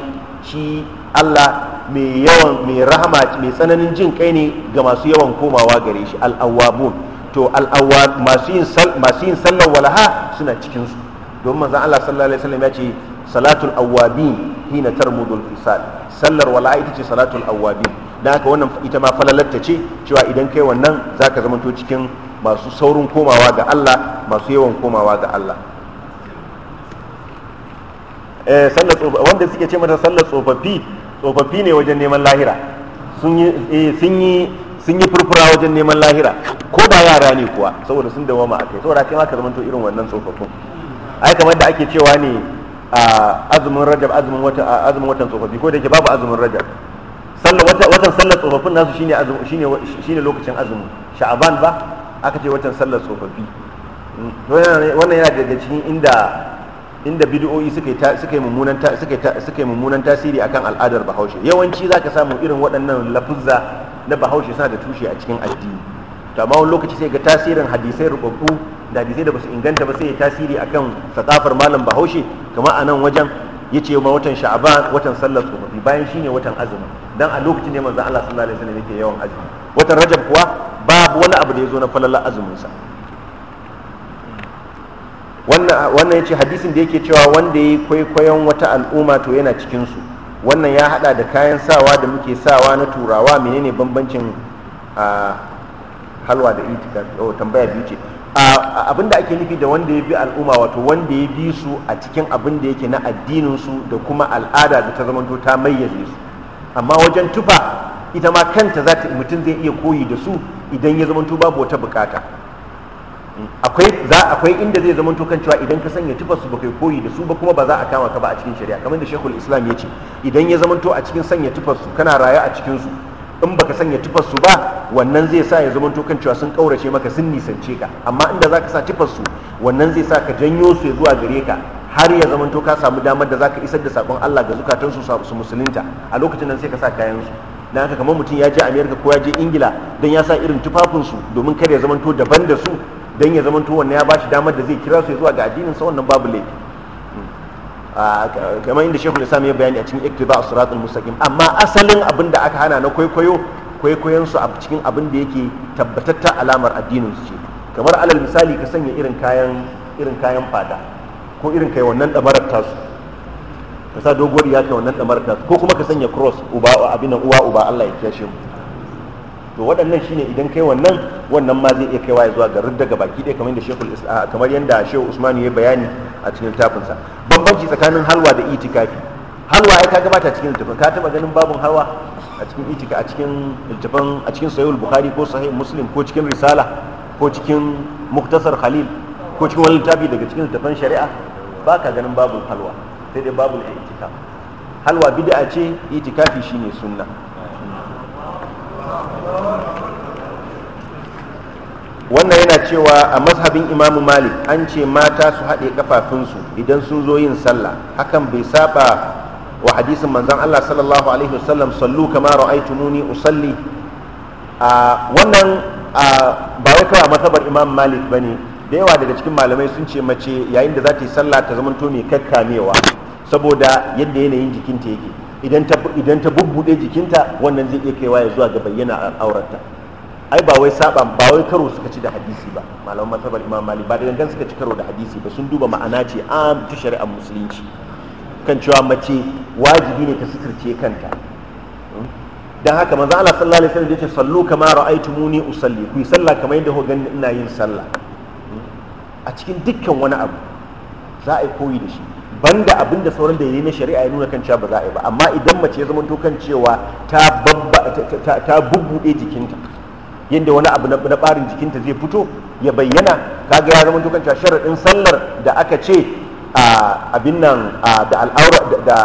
Speaker 2: shi Allah mai yawan mai rahama mai tsananin jin kai ne ga masu yawan komawa gare shi al awabun to al awab masu yin masu yin sallar walaha suna cikin su don manzon Allah sallallahu alaihi wasallam ya ce salatul awabin hina tarmudul fisal sallar walaha ita ce salatul awabin da haka wannan ita ma falalatta ce cewa idan kai wannan za ka zamanto cikin masu saurin komawa ga Allah masu yawan komawa ga Allah eh, wanda suke ce mata sallar tsofaffi tsofaffi ne wajen neman lahira sun yi eh, furfura wajen neman lahira ko ba yara ne kuwa saboda sun dawama a akai saboda kai ma ka to irin wannan tsofaffin ai kamar da ake cewa ne a azumin rajab azumin watan tsofaffi ko da yake babu azumin rajab watan sallar tsofaffin nasu shine lokacin azumi sha'aban ba aka ce watan sallar tsofaffi hmm, wannan yana daga cikin inda inda bid'o'i suka suka mummunan suka suka mummunan tasiri akan al'adar Bahaushe yawanci zaka samu irin waɗannan lafuzza na Bahaushe suna da tushe a cikin addini to amma wani lokaci sai ga tasirin hadisai rubabbu da hadisai da basu inganta ba sai ya tasiri akan sakafar malam Bahaushe kamar a nan wajen ya ce ma watan sha'aban watan sallar tsofaffi bayan shi ne watan azumi dan a lokacin ne manzon Allah sallallahu alaihi wasallam yake yawan azumi watan rajab kuwa babu wani abu da ya zo na falalar azumin sa wannan ya ce hadisin da yake cewa wanda yayi kwaikwayon wata al'umma to yana cikin su wannan ya hada da kayan sawa da muke sawa na turawa menene bambancin ah, halwa da oh, tambaya biyu ce abinda ake nufi da wanda ya bi al'umma wato wanda ya bi su a cikin abin da yake na addininsu da kuma al'ada da ta zamanto ta mayyaze su amma wajen tufa ita ma kanta za ta mutum zai iya koyi da su idan ya zamanto babu wata bukata akwai za akwai inda zai zamanto kan cewa idan ka sanya tufa su baka koyi da su ba kuma ba za a kama ka ba a cikin shari'a kamar da shekul islam ya ce idan ya zamanto a cikin sanya tufa su kana raye a cikin su in baka sanya tufa su ba wannan zai sa ya zama kan cewa sun kaurace maka sun nisance ka amma inda zaka sa tifar su wannan zai sa ka janyo su zuwa gare ka har ya zama to ka samu damar da zaka isar da sakon Allah ga zukatan su su musulunta a lokacin nan sai ka sa kayan su dan haka kamar mutum ya je America ko ya je Ingila dan ya sa irin tufafin su domin kar ya zama to daban da su dan ya zama to wannan ya bashi damar da zai kira su zuwa ga addinin sa wannan babu laifi hmm. ah, kamar inda shekul islam ya bayani a cikin iktiba a suratul mustaqim amma asalin abin da aka hana na kwaikwayo kwaikwayon su a cikin abin da yake tabbatatta alamar addinin su ce kamar alal misali ka sanya irin kayan irin kayan fada ko irin kai wannan damarar tasu ka sa doguwar ya kai wannan damarar tasu ko kuma ka sanya cross uba abin nan uwa uba Allah ya kiyashe mu to waɗannan shine idan kai wannan wannan ma zai iya kaiwa ya zuwa ga rudda ga baki ɗaya kamar yadda shekul kamar yadda shehu usmanu ya bayani a cikin littafinsa bambanci tsakanin halwa da itikafi halwa ai ka gabata cikin littafin ka taɓa ganin babun halwa a cikin itika a cikin littafin a cikin sahihul bukhari ko sahih muslim ko cikin risala ko cikin muktasar khalil ko cikin wani littafi daga cikin littafin shari'a ba ka ganin babul halwa sai dai babul itika halwa bid'a ce itikafi shine sunna wannan yana cewa a mazhabin imamu malik an ce mata su haɗe kafafunsu idan sun zo yin sallah hakan bai saba wa hadisin manzan Allah sallallahu alaihi wasallam sallu kama ra'aytumuni usalli a wannan ba wai kawai matabar Imam Malik bane da yawa daga cikin malamai sun ce mace yayin da za ta yi sallah ta zama to mai kakkamewa saboda yadda yanayin jikinta yake idan ta idan ta bubbude jikinta wannan zai iya kaiwa ya zuwa ga bayyana auratta ai ba wai saba ba wai karo suka ci da hadisi ba malaman matabar Imam Malik ba da gangan suka ci karo da hadisi ba sun duba ma'ana ce a ta shari'ar musulunci kan cewa mace wajibi ne ta suturce kanta don haka manzo Allah sallallahu alaihi wasallam yace sallu kama ra'aytumuni usalli ku sallah kamar yadda ku gani ina yin sallah a cikin dukkan wani abu za a yi koyi da shi banda abin da sauran ya na shari'a ya nuna kan cewa ba za a yi ba amma idan mace ya zama to kan cewa ta babba jikinta yadda wani abu na barin jikinta zai fito ya bayyana kaga ya zama to kan cewa sharadin sallar da aka ce abin nan da al'aura da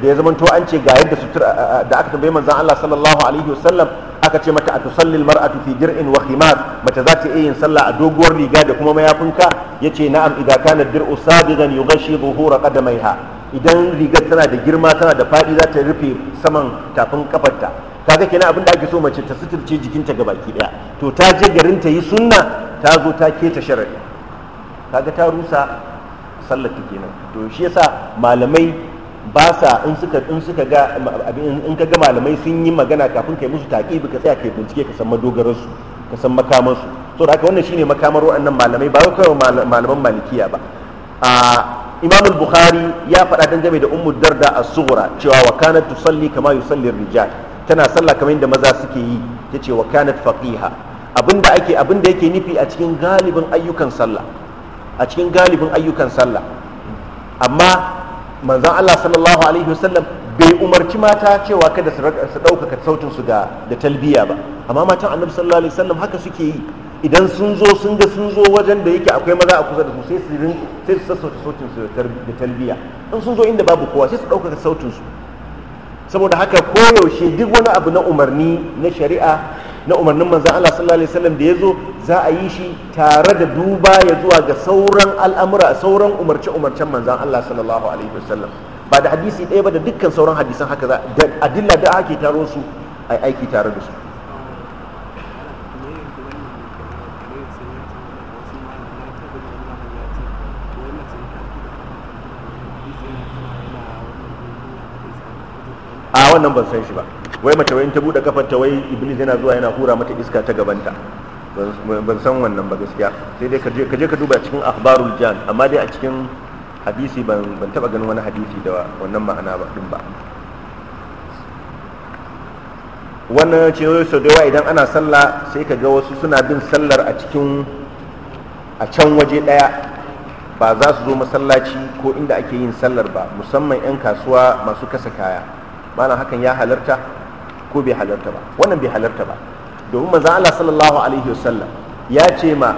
Speaker 2: ya zamanto an ce ga yadda sutura da aka tambaye manzon Allah sallallahu alaihi wasallam aka ce mata a atusalli almar'atu fi dir'in wa khimar mace za ta iya yin sallah a doguwar riga da kuma mayafinka yace na'am idan kana dir'u sabigan yughashi dhuhura qadamaiha idan rigar tana da girma tana da fadi za ta rufe saman tafin kafarta kaga kenan abin da ake so mace ta suturce jikinta ga baki daya to ta je garin ta yi sunna ta zo ta keta sharadi kaga ta rusa sallar ta kenan to shi yasa malamai ba sa in suka in suka ga in ka ga malamai sun yi magana kafin kai musu taqibi ka tsaya kai bincike ka san madogaran su ka san makaman su to haka wannan shine makamar waɗannan malamai ba kawai malaman malikiya ba a imam al-bukhari ya faɗa dangane da ummu darda as-sughra cewa wa kanat tusalli kama yusalli rijal tana sallah kamar yadda maza suke yi tace wa kanat faqiha abinda ake abinda yake nufi a cikin galibin ayyukan sallah a cikin galibin ayyukan sallah amma manzan Allah sallallahu alaihi wasallam bai umarci mata cewa kada su ɗaukaka sautin su da da talbiya ba amma matan annabi sallallahu alaihi wasallam haka suke yi idan sun zo sun ga sun zo wajen da yake akwai maza a kusa da su sai su rin sai su sassauta sautin su da talbiya in sun zo inda babu kowa sai su ɗaukaka sautin su saboda haka koyaushe duk wani abu na umarni na shari'a na umarnin manzan Allah sallallahu alaihi wasallam da ya zo za a yi shi tare da duba ya zuwa ga sauran al'amura a sauran umarce-umarcen manzan Allah sallallahu alaihi wasallam ba da hadisi ɗaya ba da dukkan sauran hadisan haka za da adilla da ake taro su a aiki tare da su a wannan ban san shi ba wai mace wai ta buɗe kafar ta wai iblis yana zuwa yana hura mata iska ta gabanta ban san wannan ba gaskiya sai dai ka je ka duba cikin akhbarul jan amma dai a cikin hadisi ban taba ganin wani hadisi da wannan ma'ana ba din ba wannan ce sau da idan ana sallah sai ka ga wasu suna bin sallar a cikin a can waje daya ba za su zo masallaci ko inda ake yin sallar ba musamman 'yan kasuwa masu kasa kaya malam hakan ya halarta ko bai halarta ba wannan bai halarta ba domin manzan Allah sallallahu alaihi wasallam ya ce ma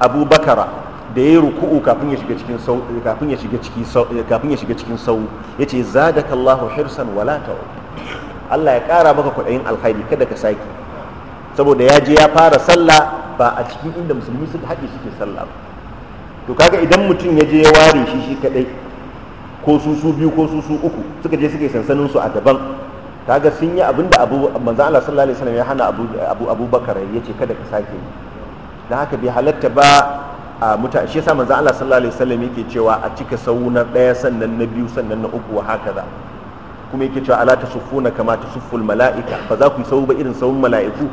Speaker 2: Abu Bakara da ya ruku'u kafin ya shiga cikin sau kafin ya shiga cikin sau kafin ya shiga cikin sau yace zadakallahu hirsan wala ta'u Allah ya kara maka kudayin alkhairi kada ka saki saboda ya je ya fara sallah ba a cikin inda musulmi suka haɗe suke sallah ba to kaga idan mutum ya je ya ware shi shi kadai ko su su biyu ko su su uku suka je suka yi sansanin su a daban kaga sun yi abinda abu manzo Allah sallallahu alaihi wasallam ya hana abu abubakar ya ce kada ka sake yi dan haka bi halatta ba a mutane shi yasa manzo Allah sallallahu alaihi wasallam yake cewa a cika sau na daya sannan na biyu sannan na uku wa haka za kuma yake cewa ala tasuffuna kama tasufful malaika ba za ku yi sau ba irin sauran mala'iku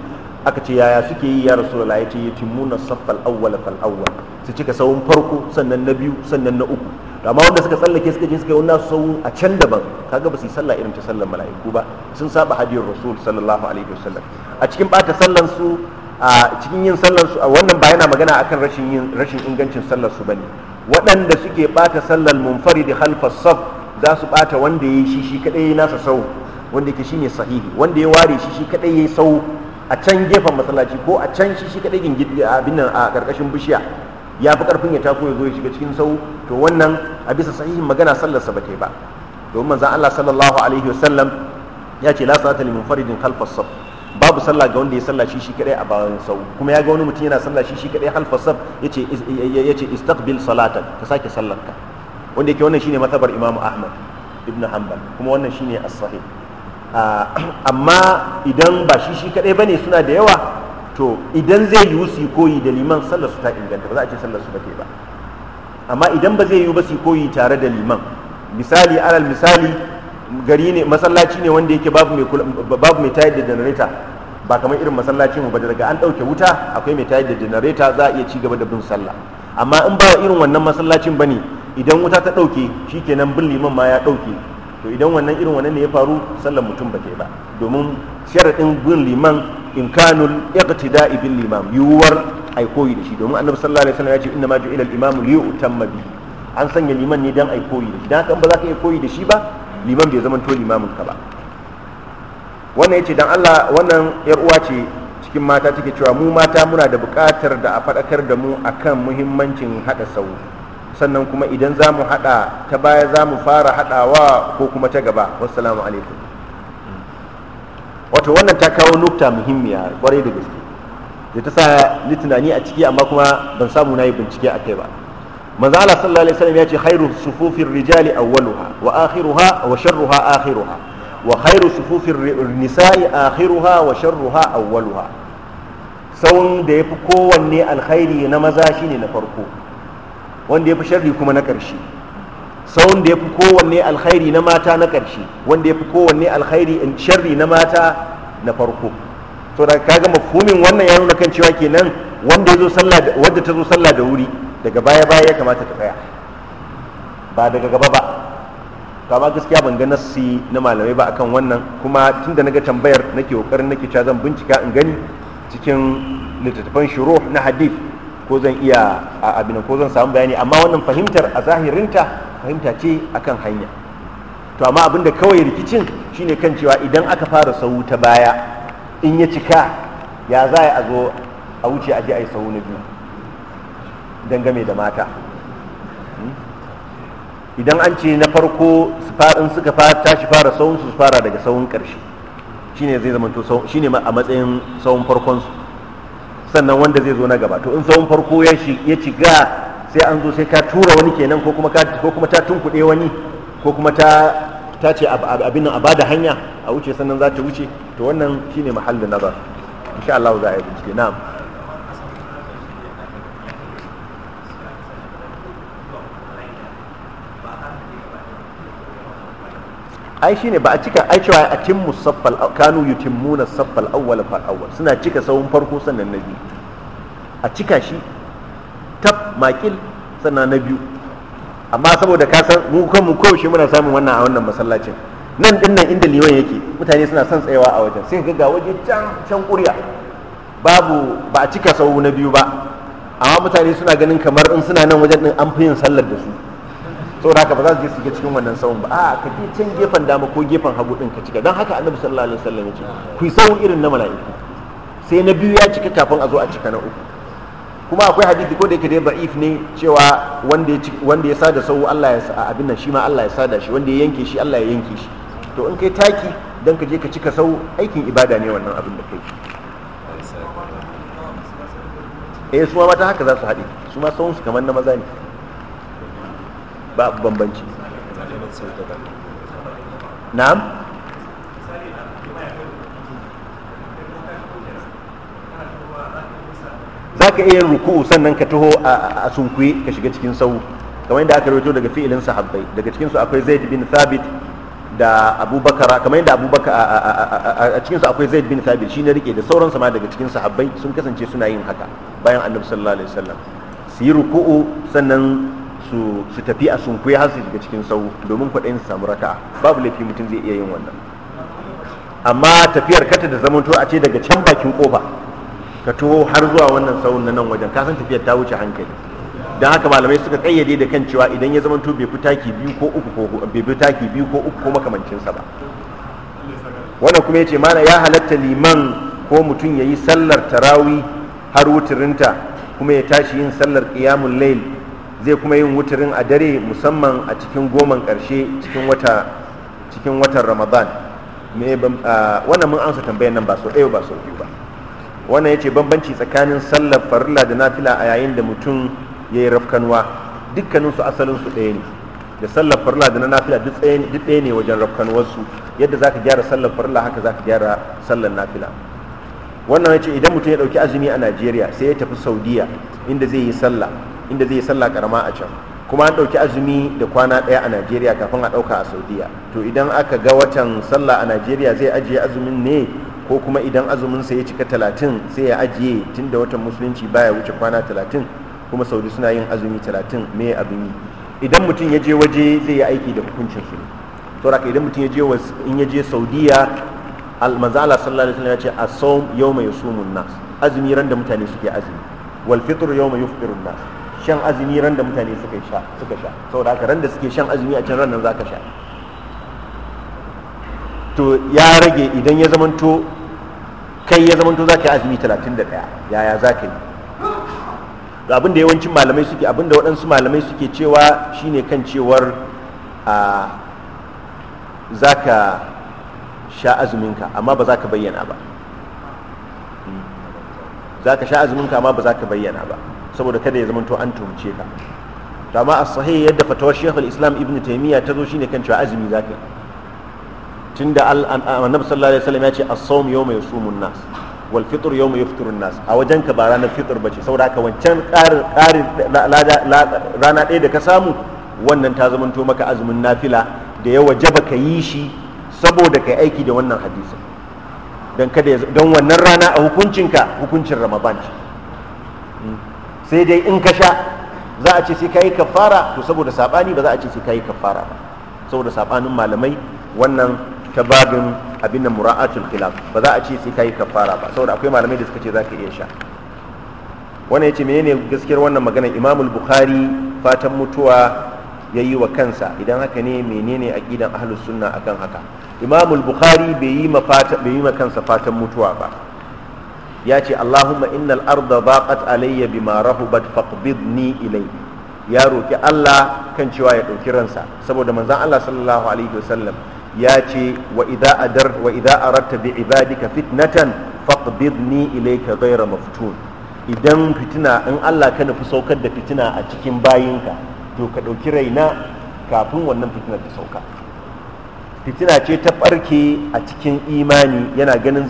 Speaker 2: aka ce yaya suke yi ya rasulullahi yace ce yatimuna saffal awwal fal awwal su cika sauran farko sannan na biyu sannan na uku amma wanda suka tsallake suka je suka yi wannan sau a can daban kaga ba su yi sallah irin ta sallan mala'iku ba sun saba hadiyar rasul sallallahu alaihi wasallam a cikin bata sallansu su a cikin yin sallansu su wannan ba yana magana akan rashin yin rashin ingancin sallar su bane waɗanda suke bata sallar munfaridi khalfas saf za su bata wanda yayi shi shi kadai nasa sau wanda yake shine sahihi wanda ya ware shi shi kadai yayi sau a can gefen masallaci ko a can shi shi kadai gingidi abin nan a karkashin bishiya ya fi karfin ya tako ya zo ya shiga cikin sau to wannan a bisa sahihin magana sallarsa ba ta yi ba domin manzon Allah sallallahu alaihi wasallam ya ce la salata lil munfaridin khalfas saf babu sallah ga wanda ya salla shi shi kadai a bayan sau kuma ya ga wani mutum yana salla shi shi kadai khalfas saf yace yace istaqbil salatan ka sake sallarka wanda yake wannan shine matabar Imam Ahmad ibn Hanbal kuma wannan shine as-sahih ah, amma idan ba shi shi kadai bane suna da yawa to idan zai yiwu su koyi da liman sallar su ta inganta ba za a ce sallar su ba ba amma idan ba zai yiwu ba su koyi tare da liman misali alal misali gari ne masallaci ne wanda yake babu mai babu mai tayar da janareta ba kamar irin masallacin mu ba daga an dauke wuta akwai mai tayar da janareta za a iya ci gaba da bin sallah amma in ba irin wannan masallacin bane idan wuta ta dauke shikenan bin liman ma ya dauke to idan wannan irin wannan ne ya faru sallar mutum ba ke ba domin sharaɗin bin liman in imkanul iqtida'i bil Liman yuwar ai koyi da shi domin annabi sallallahu alaihi wasallam ya ce inna ma ju'ila al imamu li yutamma bi an sanya liman ne dan ai koyi da shi dan kan ba za ka yi koyi da shi ba liman bai zama to limamin ka ba wannan yace dan Allah wannan yar uwa ce cikin mata take cewa mu mata muna da buƙatar da a faɗakar da mu akan muhimmancin haɗa sauri sannan kuma idan za mu haɗa ta baya za mu fara haɗawa ko kuma ta gaba wasu alaikum wato wannan ta kawo nukta muhimmiya kwarai da gaske da ta sa ni tunani a ciki amma kuma ban samu na yi bincike a kai ba manzo Allah sallallahu alaihi wasallam ya ce khairu sufufir rijali awwaluha wa akhiruha wa sharruha akhiruha wa khairu sufufir nisa'i akhiruha wa sharruha awwaluha sawun da yafi kowanne alkhairi na maza ne na farko wanda ya fi sharri kuma na ƙarshe sauran da ya fi kowanne alkhairi na mata na ƙarshe wanda ya fi kowanne alkhairi in sharri na mata na farko to da kaga mafhumin wannan ya nuna kan cewa kenan wanda ya zo sallah wadda ta zo sallah da wuri daga baya baya ya kamata ta tsaya ba daga gaba ba to amma gaskiya ban ga nassi na malamai ba akan wannan kuma tunda naga tambayar nake kokarin nake cewa zan bincika in gani cikin littattafan shuruh na hadith ko zan iya abin ko zan samu bayani amma wannan fahimtar a zahirinta fahimta ce akan hanya to amma abin da kawai rikicin shine kan cewa idan aka fara sau ta baya in ya cika ya za a zo a wuce a ji a yi sau na biyu game da mata hmm? idan an ce na farko in suka tashi fara sauwun su fara daga sauwun ƙarshe shine zai zama to shine a matsayin tsawon farkonsu. sannan wanda zai zo na gaba to in tsawon farko ya ga sai an zo sai ka tura wani kenan ko kuma ko ta tunkuɗe wani ko kuma ta ce abin a bada hanya a wuce sannan za ta wuce to wannan shine mahallin nazar insha Allah za a yi bincike na'am ai shine ba a cika ai cewa a tin musaffal kanu yutimuna saffal awwal far awwal suna cika sawun farko sannan na biyu a cika shi tab makil sannan na biyu amma saboda ka san mu kan mu kawai muna samun wannan a wannan masallacin nan din nan inda liwan yake mutane suna son tsayawa a wajen sai ga waje can can kuriya babu ba a cika sawu na biyu ba amma mutane suna ganin kamar in suna nan wajen din an fi yin sallar da su saboda haka ba za su je su ga cikin wannan sahun ba a ka je can gefen dama ko gefen hagu din ka cika don haka annabi sallallahu alaihi wasallam ya ce ku yi sahun irin na mala'iku sai na biyu ya cika kafin a zo a cika na uku kuma akwai hadisi ko da yake dai ba'if ne cewa wanda ya wanda ya sada sau Allah ya sa abin nan shi ma Allah ya sada shi wanda ya yanke shi Allah ya yanke shi to in kai taki dan ka je ka cika sau aikin ibada ne wannan abin da kai eh su ma mata haka za su haɗe su ma sauran su kamar na maza ne babu bambanci na'am za ka iya ruku'u sannan ka taho a sunkuye ka shiga cikin sau kamar yadda aka rito daga fi'ilin sahabbai daga cikin su akwai zaid bin thabit da abubakar kamar yadda abubakar a cikinsu akwai zaid bin thabit shi na rike da sauran sama daga cikin sahabbai sun kasance suna yin haka bayan annabi sallallahu alaihi wasallam su yi ruku'u sannan su su tafi a sunkuye har su shiga cikin sau domin kwaɗayin su samu raka'a babu laifi mutum zai iya yin wannan amma tafiyar kata da zamanto a ce daga can bakin kofa ka to har zuwa wannan sau na nan wajen kasan tafiyar ta wuce hankali don haka malamai suka kayyade da kan cewa idan ya zamanto bai fi taki biyu ko uku ko bai fi taki biyu ko uku ko makamancinsa ba wannan kuma ya ce mana ya halatta liman ko mutum ya yi sallar tarawi har wuturinta kuma ya tashi yin sallar qiyamul layl zai kuma yin wutarin a dare musamman a cikin goman ƙarshe cikin watan ramadan wannan mun ansa tambayan nan ba so ɗaya ba so biyu ba wannan ya ce bambanci tsakanin sallar farilla da nafila a yayin da mutum ya yi rafkanwa dukkaninsu asalinsu ɗaya ne da sallar farilla da nafila duk ɗaya ne wajen rafkanuwarsu yadda za ka gyara sallar farilla haka za ka gyara sallar nafila wannan ya ce idan mutum ya ɗauki azumi a najeriya sai ya tafi saudiya inda zai yi sallah inda zai sallah karama a can kuma an ɗauki azumi da kwana ɗaya a najeriya kafin a ɗauka a saudiya to idan aka ga watan sallah a najeriya zai ajiye azumin ne ko kuma idan azumin sa ya cika talatin sai ya ajiye tun da watan musulunci baya wuce kwana talatin kuma saudi suna yin azumi talatin me abin yi idan mutum ya je waje zai yi aiki da hukuncin su saboda idan mutum ya je in ya je saudiya almanzala sallallahu alaihi wasallam ya ce as yawma yasumun nas azumi ran da mutane suke azumi wal fitr yawma yufṭirun nas shan azumi ran da mutane suka sha suka sha saboda haka ran da suke shan azumi a can ran nan zaka sha to ya rage idan ya zamanto kai ya zamanto zaka yi azumi 31 yaya za ka yi abin da yawancin malamai suke abin da waɗansu malamai suke cewa shine kan cewar a zaka sha azuminka amma ba za ka bayyana ba za ka sha azuminka amma ba za ka bayyana ba hmm. saboda kada ya zamanto an turce ka to amma as-sahih yadda fatawar Sheikhul Islam Ibn Taymiyyah ta zo shine kan cewa azumi zaka tunda annabi sallallahu alaihi wasallam ya ce as-sawm yawma yasumun nas wal fitr yawma yafturun nas a wajen ka ba ranar fitr bace saboda haka wancan ƙarin ƙarin rana ɗaya da ka samu wannan ta zamanto maka azumin nafila da ya wajaba ka yi shi saboda ka aiki da wannan hadisin don wannan rana a hukuncinka hukuncin ramadan ce sai dai in ka sha za a ce sai ka yi kafara to saboda saɓani ba za a ce sai ka yi kafara ba saboda saɓanin malamai wannan ta babin abin da mura'atul khilaf ba za a ce sai ka yi kafara ba saboda akwai malamai da suka ce za ka iya sha wannan ya ce menene gaskiyar wannan maganar imamul bukhari fatan mutuwa ya yi wa kansa idan haka ne menene aqidan ahlus sunna akan haka imamul bukhari bai yi ma kansa fatan mutuwa ba ya ce Allahumma innal arda baqat alayya bima rahubat faqbidni ilai ya roki Allah kan cewa ya dauki ransa saboda manzon Allah sallallahu alaihi wasallam ya ce wa idza adar wa idza aradta bi ibadika fitnatan faqbidni ilayka ghayra maftun idan fitina in Allah ka nufi saukar da fitina a cikin bayinka to ka dauki raina kafin wannan fitinar ta sauka fitina ce ta ɓarke a cikin imani yana ganin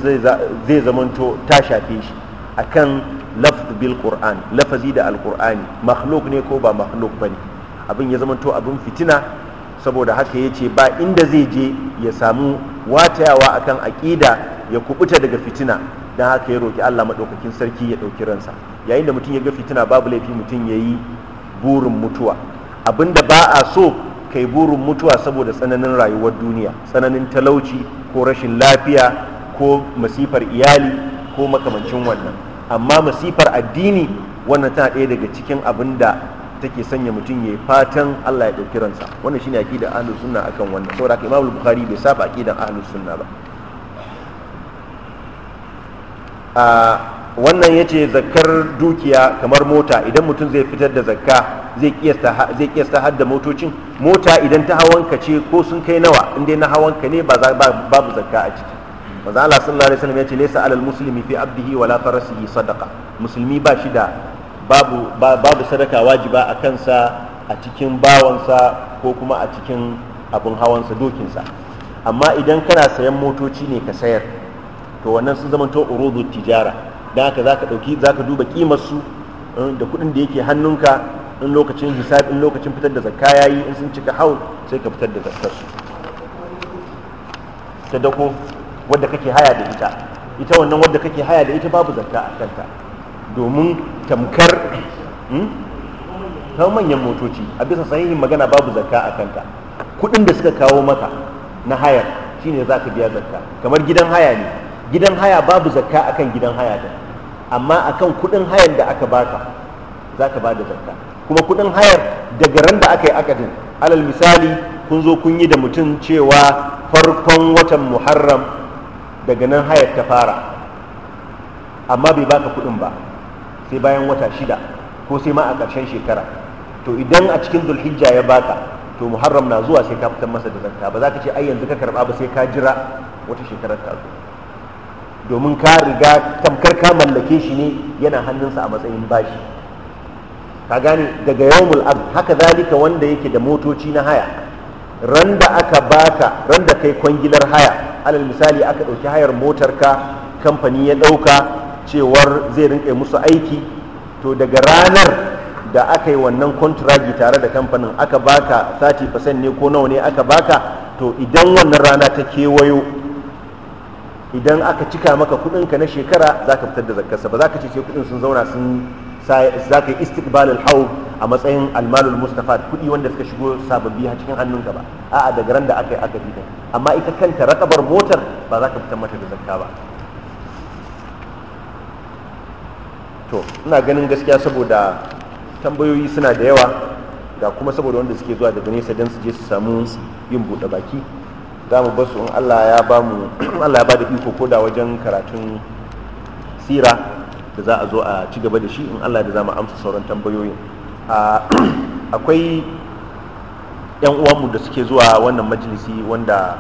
Speaker 2: zai zamanto ta shafe shi akan lafz bil qur'an lafazi da alkur'ani makhluk ne ko ba makhluk ne, abin ya zamanto abin fitina saboda haka ya ce ba inda zai je ya samu watayawa akan aƙida ya kubuta daga fitina don haka ya roƙi Allah maɗaukakin sarki ya ɗauki ransa yayin da mutum ya ga fitina babu laifi mutum ya yi burin mutuwa abinda ba a so kai burin mutuwa saboda tsananin rayuwar duniya tsananin talauci ko rashin lafiya ko masifar iyali ko makamancin wannan amma masifar addini wannan tana ɗaya daga cikin abin da take sanya mutum ya fatan Allah ya ɗauki ransa wannan shine aqidar ahlus sunna akan wannan saboda haka Imam Bukhari bai saba aqidar ahlus sunna ba ah, wannan ya ce zakar dukiya kamar mota idan mutum zai fitar da zakka zai kiyasta hadda motocin mota idan ta hawanka ce ko sun kai nawa in dai na hawanka ne babu zakka a ciki manzo ala sallallahu alaihi wasallam ya ce laysa alal musulmi fi abdihi wala farasihi sadaka. musulmi ba shi da babu babu sadaka wajiba a kansa a cikin bawansa ko kuma a cikin abin hawansa dokinsa amma idan kana sayan motoci ne ka sayar to wannan sun zama to urudu tijara da haka za ka ɗauki za ka duba ƙimarsu eh, da kuɗin da yake hannunka in lokacin hisab in lokacin fitar da zakka ya yi in sun cika haul sai ka fitar da zakkarsu ta dako wadda kake haya da ita ita wannan wadda kake haya da ita babu zakka a kanta domin tamkar hmm, ta manyan motoci a bisa sahihin magana babu zakka a kanta kuɗin da suka kawo maka na hayar shine za ka biya zakka kamar gidan haya ne gidan haya babu zakka akan gidan haya ta. amma a kan kuɗin hayar da aka baka za ka ba da zakka kuma kuɗin hayar daga ran da aka yi akadin alal misali kun zo kun yi da mutum cewa farkon watan muharram daga nan hayar ta fara amma bai baka kuɗin ba sai bayan wata shida ko sai ma a ƙarshen shekara to idan a cikin dulhijja ya baka to muharram na zuwa sai ka fitar masa da zakka ba za ka ce ai yanzu ka karba ba sai ka jira wata shekarar ta zo domin ka riga tamkar ka mallake shi ne yana hannunsa a matsayin bashi ka gane daga yawon ab haka zalika wanda yake da motoci na haya ran da aka baka ran da kai kwangilar haya alal misali aka ɗauki hayar motar ka kamfani ya ɗauka cewar zai rinka musu aiki to daga ranar da aka yi wannan kontragi tare da kamfanin aka baka 30% ne ko nawa ne aka baka to idan wannan rana ta kewayo idan aka cika maka kudinka na shekara za ka fitar da zakkarsa ba za ka ce sai kudin sun zauna sun za ka yi istiqbalul hau a matsayin almalul mustafa kudi wanda suka shigo sababbi a cikin hannunka ba a'a daga ran da aka yi aka fita amma ita kanta rakabar motar ba za ka fitar mata da zakka ba to ina ganin gaskiya saboda tambayoyi suna da yawa ga kuma saboda wanda suke zuwa daga nesa don su je su samu yin buɗe baki za mu basu in Allah ya ba mu Allah ya ba da iko ko da wajen karatun sira da za a zo a ci gaba da shi in Allah da za mu amsa sauran tambayoyin akwai yan uwanmu da suke zuwa wannan majalisi wanda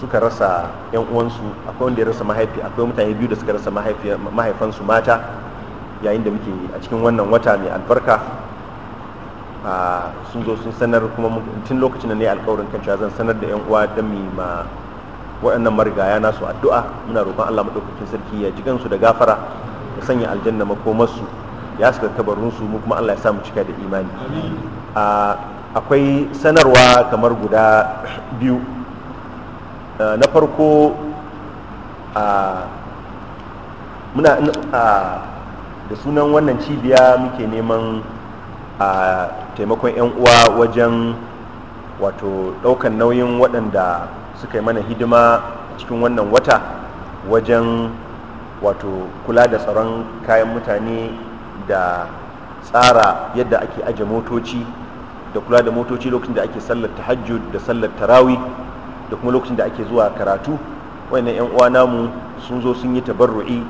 Speaker 2: suka rasa yan uwansu akwai wanda ya rasa mahaifi akwai mutane biyu da suka rasa mahaifansu mata yayin da muke a cikin wannan wata mai albarka sun zo sun sanar kuma tun lokacin da ne alkawarin kan cewa zan sanar da 'yan uwa don mi ma waɗannan marigaya nasu addu'a muna roƙon Allah madaukakin sarki ya ji kansu da gafara ya sanya aljanna su ya suka su mu kuma Allah ya samu cika da imani akwai sanarwa kamar guda biyu na farko muna da sunan wannan cibiya muke neman a taimakon 'yan uwa wajen wato ɗaukan nauyin waɗanda suka yi mana hidima cikin wannan wata wajen wato kula da tsaron kayan mutane da tsara yadda ake aje motoci da kula da motoci lokacin da ake sallar tahajjud da sallar tarawi da kuma lokacin da ake zuwa karatu wannan 'yan uwa namu sun zo sun yi tabarru'i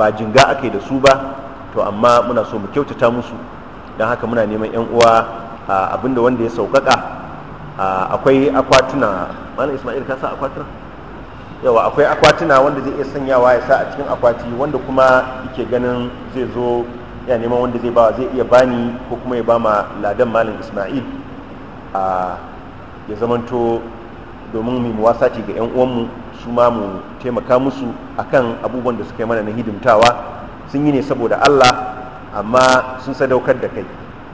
Speaker 2: ba jinga ake da su ba to amma muna so mu kyautata musu don haka muna neman yan uwa abinda wanda ya sauƙaƙa akwai akwatuna malam ismail ka sa akwatuna yawa akwai akwatuna wanda zai iya sanyawa ya sa a cikin akwati wanda kuma yake ganin zai zo ya neman wanda zai bawa zai iya bani ko kuma ya bama ladan malam ismail ya zamanto domin mu muwasati ga 'yan uwanmu su ma mu taimaka musu akan abubuwan da suka yi mana na hidimtawa sun yi ne saboda allah amma sun sadaukar da kai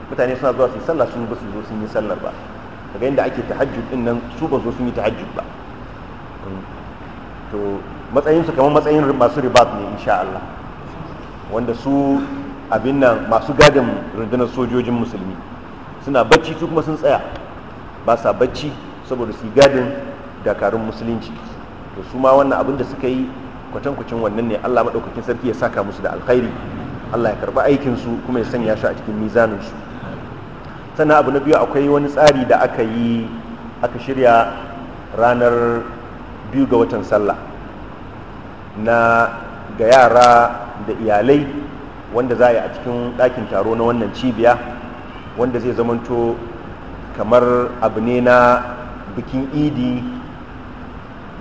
Speaker 2: mutane suna zuwa su yi sallah sun ba su zo sun yi sallar ba daga yadda ake tahajjud din nan su ba zo sun yi tahajjud ba to matsayin su kamar matsayin masu ribat ne insha Allah wanda su abin nan masu gadin rundunar sojojin musulmi suna bacci su kuma sun tsaya ba sa bacci saboda su gadin dakarun musulunci to su ma wannan abin da suka yi kwatankwacin wannan ne Allah maɗaukakin sarki ya saka musu da alkhairi Allah ya karba aikin su kuma ya sanya shi a cikin mizanin su sannan abu na biyu akwai wani tsari da aka yi aka shirya ranar biyu ga watan sallah na ga yara da iyalai wanda za a yi a cikin ɗakin taro na wannan cibiya wanda zai zamanto kamar abu ne na bikin idi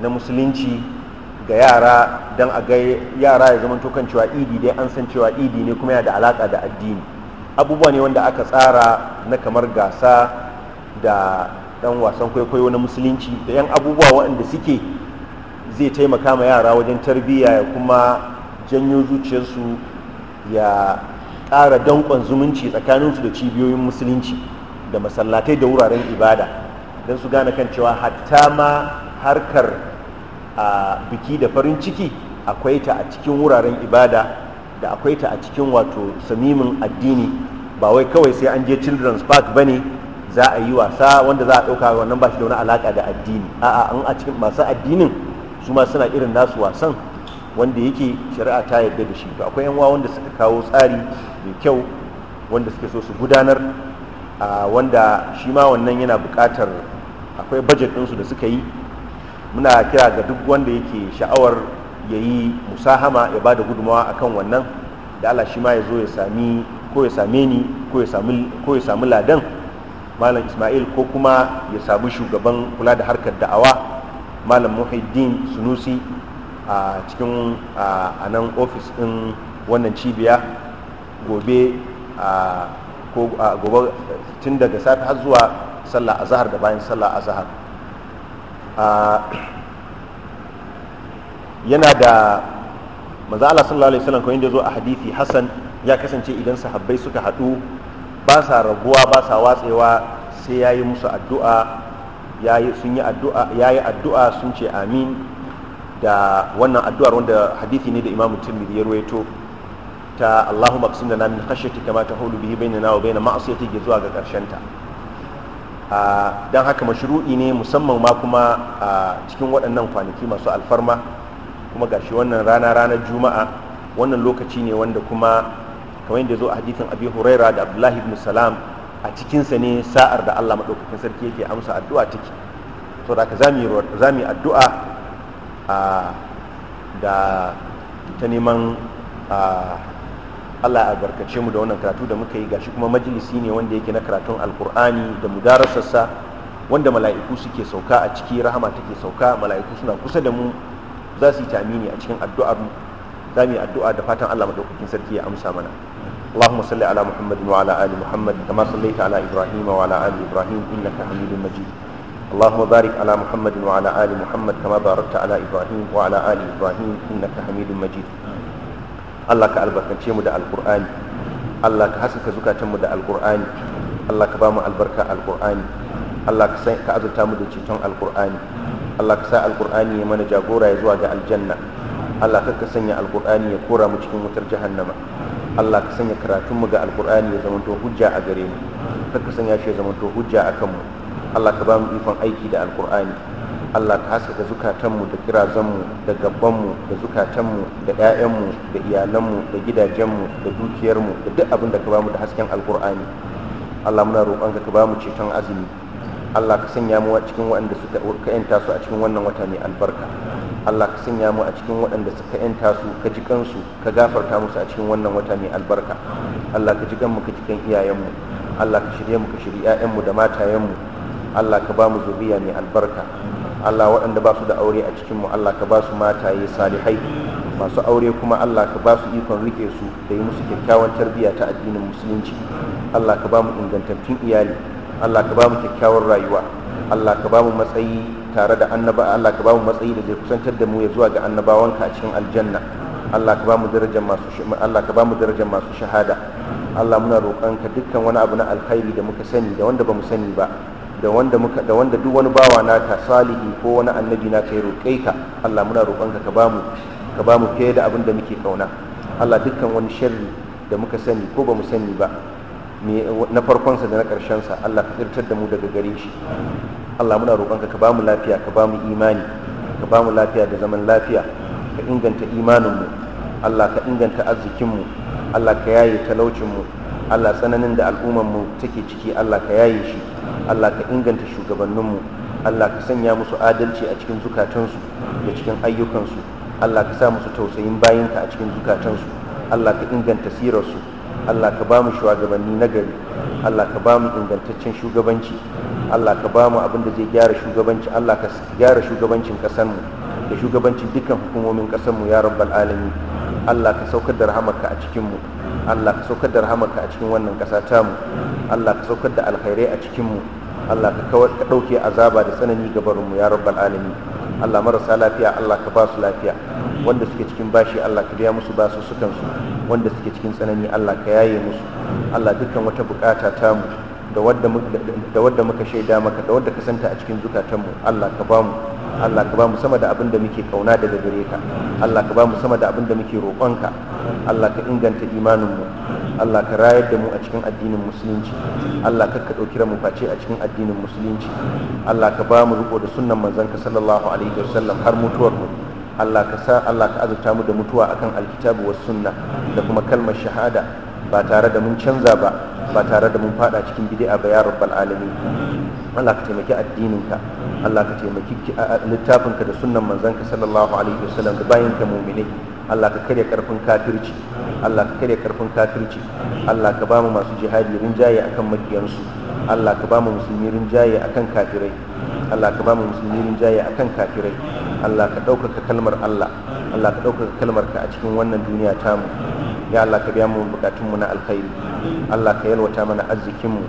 Speaker 2: na musulunci ga yara don a ga yara ya zama kan cewa idi dai an san cewa idi ne kuma yana da alaka da addini abubuwa ne wanda aka tsara na kamar gasa da dan wasan kwaikwayo na musulunci da yan abubuwa waɗanda suke zai taimaka ma yara wajen tarbiyya ya kuma janyo zuciyarsu ya ƙara danƙon zumunci tsakaninsu da cibiyoyin musulunci da masallatai da wuraren ibada don su gane kan cewa hatta ma harkar a biki da farin ciki akwai ta a cikin wuraren ibada da akwai ta a cikin wato samimin addini ba wai kawai sai an je children's park ba ne za a yi wasa wanda za a ɗauka wannan ba shi da wani alaƙa da addini a'a an a cikin masu addinin su ma suna irin nasu wasan wanda yake shari'a ta yadda da shi to akwai yan wanda suka kawo tsari mai kyau wanda suke so su gudanar wanda shi ma wannan yana buƙatar akwai budget ɗinsu da suka yi muna kira ga duk wanda yake sha'awar ya yi musahama ya ba da gudunmawa akan wannan da Allah shi ma ya zo ya sami ko ya same ni ko ya sami ladan malam ismail ko kuma ya sami shugaban kula da harkar da'awa malam muhiddin sunusi a cikin a nan ofis ɗin wannan cibiya gobe a gobe tun daga safe har zuwa sallah azahar da bayan sallah azahar yana da maza Allah sallallahu alaihi wasallam kamar yadda zo a hadisi Hassan ya kasance idan sahabbai suka haɗu ba sa raguwa ba sa watsewa sai yayi musu addu'a yayi yi addu'a yayi addu'a sun ce amin da wannan addu'ar wanda hadisi ne da Imam Tirmidhi ya ruwaito ta Allahumma qsim lana min khashyatika ma tahulu bihi bainana wa bain ma'siyatika zuwa ga karshen ta don haka mashru'i ne musamman ma kuma a cikin waɗannan kwanaki masu alfarma kuma gashi wannan rana ranar juma'a wannan lokaci ne wanda kuma kamar yadda zo a hadithin abi huraira da abdullahi ibn salam a cikinsa ne sa'ar da allah maɗaukakin sarki yake amsa addu'a take to da ka za mu yi addu'a da ta neman Allah ya albarkace mu da wannan karatu da muka yi gashi kuma majalisi ne wanda yake na karatun alkur'ani da mudarasarsa wanda mala'iku suke sauka a ciki rahama take sauka mala'iku suna kusa da mu za su yi tamini a cikin addu'ar mu za mu yi addu'a da fatan Allah madaukakin sarki ya amsa mana اللهم صل على محمد وعلى آل محمد كما صليت على إبراهيم وعلى آل إبراهيم إنك حميد مجيد اللهم بارك على محمد وعلى آل محمد كما باركت على إبراهيم وعلى آل إبراهيم إنك حميد مجيد Allah ka albarkance mu da alkur'ani Allah ka haskaka zukatan mu da alkur'ani Allah ka ba mu albarka alkur'ani Allah ka ka azurta mu da ceton alkur'ani Allah ka sa alkur'ani ya mana jagora ya zuwa ga aljanna Allah ka ka sanya alkur'ani ya kora mu cikin wutar jahannama Allah ka sanya karatun mu ga alkur'ani ya zamanto hujja a gare mu ka ka sanya shi ya zamanto hujja akan mu Allah ka ba mu ikon aiki da alkur'ani Allah ka da zukatanmu da kirazanmu da gabanmu da zukatanmu da 'ya'yanmu da iyalanmu da gidajenmu da dukiyarmu da duk abin da ka bamu da hasken alkur'ani Allah muna roƙon ka bamu ceton azumi Allah ka sanya mu cikin waɗanda suka ka yanta su a cikin wannan wata mai albarka Allah ka sanya mu a cikin waɗanda suka yanta su ka ji kansu ka gafarta musu a cikin wannan wata mai albarka Allah ka ji kanmu ka ji kan iyayenmu Allah ka shirye mu ka shiri 'ya'yanmu da matayenmu Allah ka ba mu zuriya mai albarka Allah waɗanda ba su da aure a cikinmu Allah ka ba su mataye salihai masu aure kuma Allah ka ba su ikon rike su da yi musu kyakkyawan tarbiyya ta addinin musulunci Allah ka ba mu ingantattun iyali Allah ka ba mu kyakkyawar rayuwa Allah ka ba mu matsayi tare da annaba Allah ka ba mu matsayi da zai kusantar da mu ya zuwa ga annabawanka a cikin aljanna Allah ka ba mu darajar masu Allah ka ba mu darajar masu shahada Allah muna roƙonka dukkan wani abu na alkhairi da muka sani da wanda ba mu sani ba da wanda muka da wanda duk wani bawa naka salihi ko wani annabi na kai roƙe ka Allah muna roƙonka ka bamu ka bamu fiye da abin da muke kauna Allah dukkan wani sharri da muka sani ko ba mu sani ba na farkonsa da na ƙarshensa Allah ka tsirtar da mu daga gare shi Allah muna roƙonka ka bamu lafiya ka bamu imani ka bamu lafiya da zaman lafiya ka inganta imaninmu Allah ka inganta arzikinmu Allah ka yaye talaucinmu Allah tsananin da al'ummarmu take ciki Allah ka yaye shi Allah ka inganta shugabanninmu Allah ka sanya musu adalci a cikin zukatansu da cikin ayyukansu Allah ka sa musu tausayin bayinka a cikin zukatansu Allah ka inganta sirarsu Allah ka ba mu shugabanni na gari Allah ka ba mu ingantaccen shugabanci Allah ka ba mu abin da zai gyara shugabanci Allah ka gyara shugabancin kasanmu da shugabancin dukkan hukumomin kasanmu ya rabbal alamin Allah ka saukar da rahamarka a cikinmu Allah ka saukar da rahamarka a cikin wannan ƙasa mu. Allah ka saukar da alkhairai a cikinmu Allah ka ɗauke azaba da tsanani ga barinmu ya rabbal alamin Allah marasa lafiya Allah ka ba su lafiya wanda suke cikin bashi Allah ka biya musu basu sukan su wanda suke cikin tsanani Allah ka yaye musu Allah dukkan wata bukata tamu da wadda muka shaida maka da wadda ka santa a cikin zukatanmu Allah ka ba mu. Allah ka ba mu sama da abin da muke kauna daga gare ka Allah ka ba mu sama da abin da muke roƙonka Allah ka inganta imanin mu Allah ka rayar da mu a cikin addinin musulunci Allah ka ɗauki mu face a cikin addinin musulunci Allah ka ba mu riko da sunnan ka, sallallahu alaihi wa sallam, har mutuwar mu Allah ka sa Allah ka azurta mu da mutuwa akan alkitabu was sunna da kuma kalmar shahada ba tare da mun canza ba ba tare da mun fada cikin bid'a ba ya rabbal alamin Allah ka taimaki addininka Allah ka taimaki littafinka da sunnan manzanka sallallahu alaihi wasallam da bayinka mu'mine Allah ka karya karfin kafirci Allah ka karya karfin kafirci Allah ka ba mu masu jihadi rinjaye akan makiyansu Allah ka ba mu musulmi rinjaye akan kafirai Allah ka ba mu musulmi rinjaye akan kafirai Allah ka ɗaukaka kalmar Allah Allah ka ɗaukaka kalmar ka a cikin wannan duniya tamu ya Allah ka biya mu bukatun mu na alkhairi Allah ka yalwata mana arzikin mu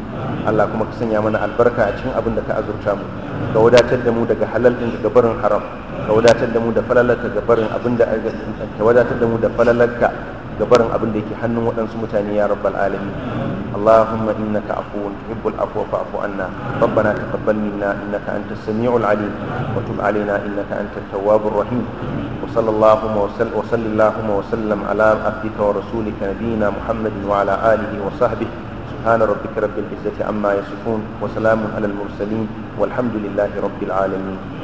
Speaker 2: Allah kuma ka sanya mana albarka a cikin abin da ka azurta mu ka wadatar da mu daga halal din daga barin haram ka wadatar da mu da falalarka ga barin abin da ka wadatar da mu da falalarka ga barin abin da yake hannun waɗansu mutane ya rabbal alamin اللهم إنك عفو تحب العفو فاعف عنا ربنا تقبل منا إنك أنت السميع العليم وتب علينا إنك أنت التواب الرحيم وصلى اللهم وسل وصل اللهم وسلم على عبدك ورسولك نبينا محمد وعلى آله وصحبه سبحان ربك رب العزة عما يصفون وسلام على المرسلين والحمد لله رب العالمين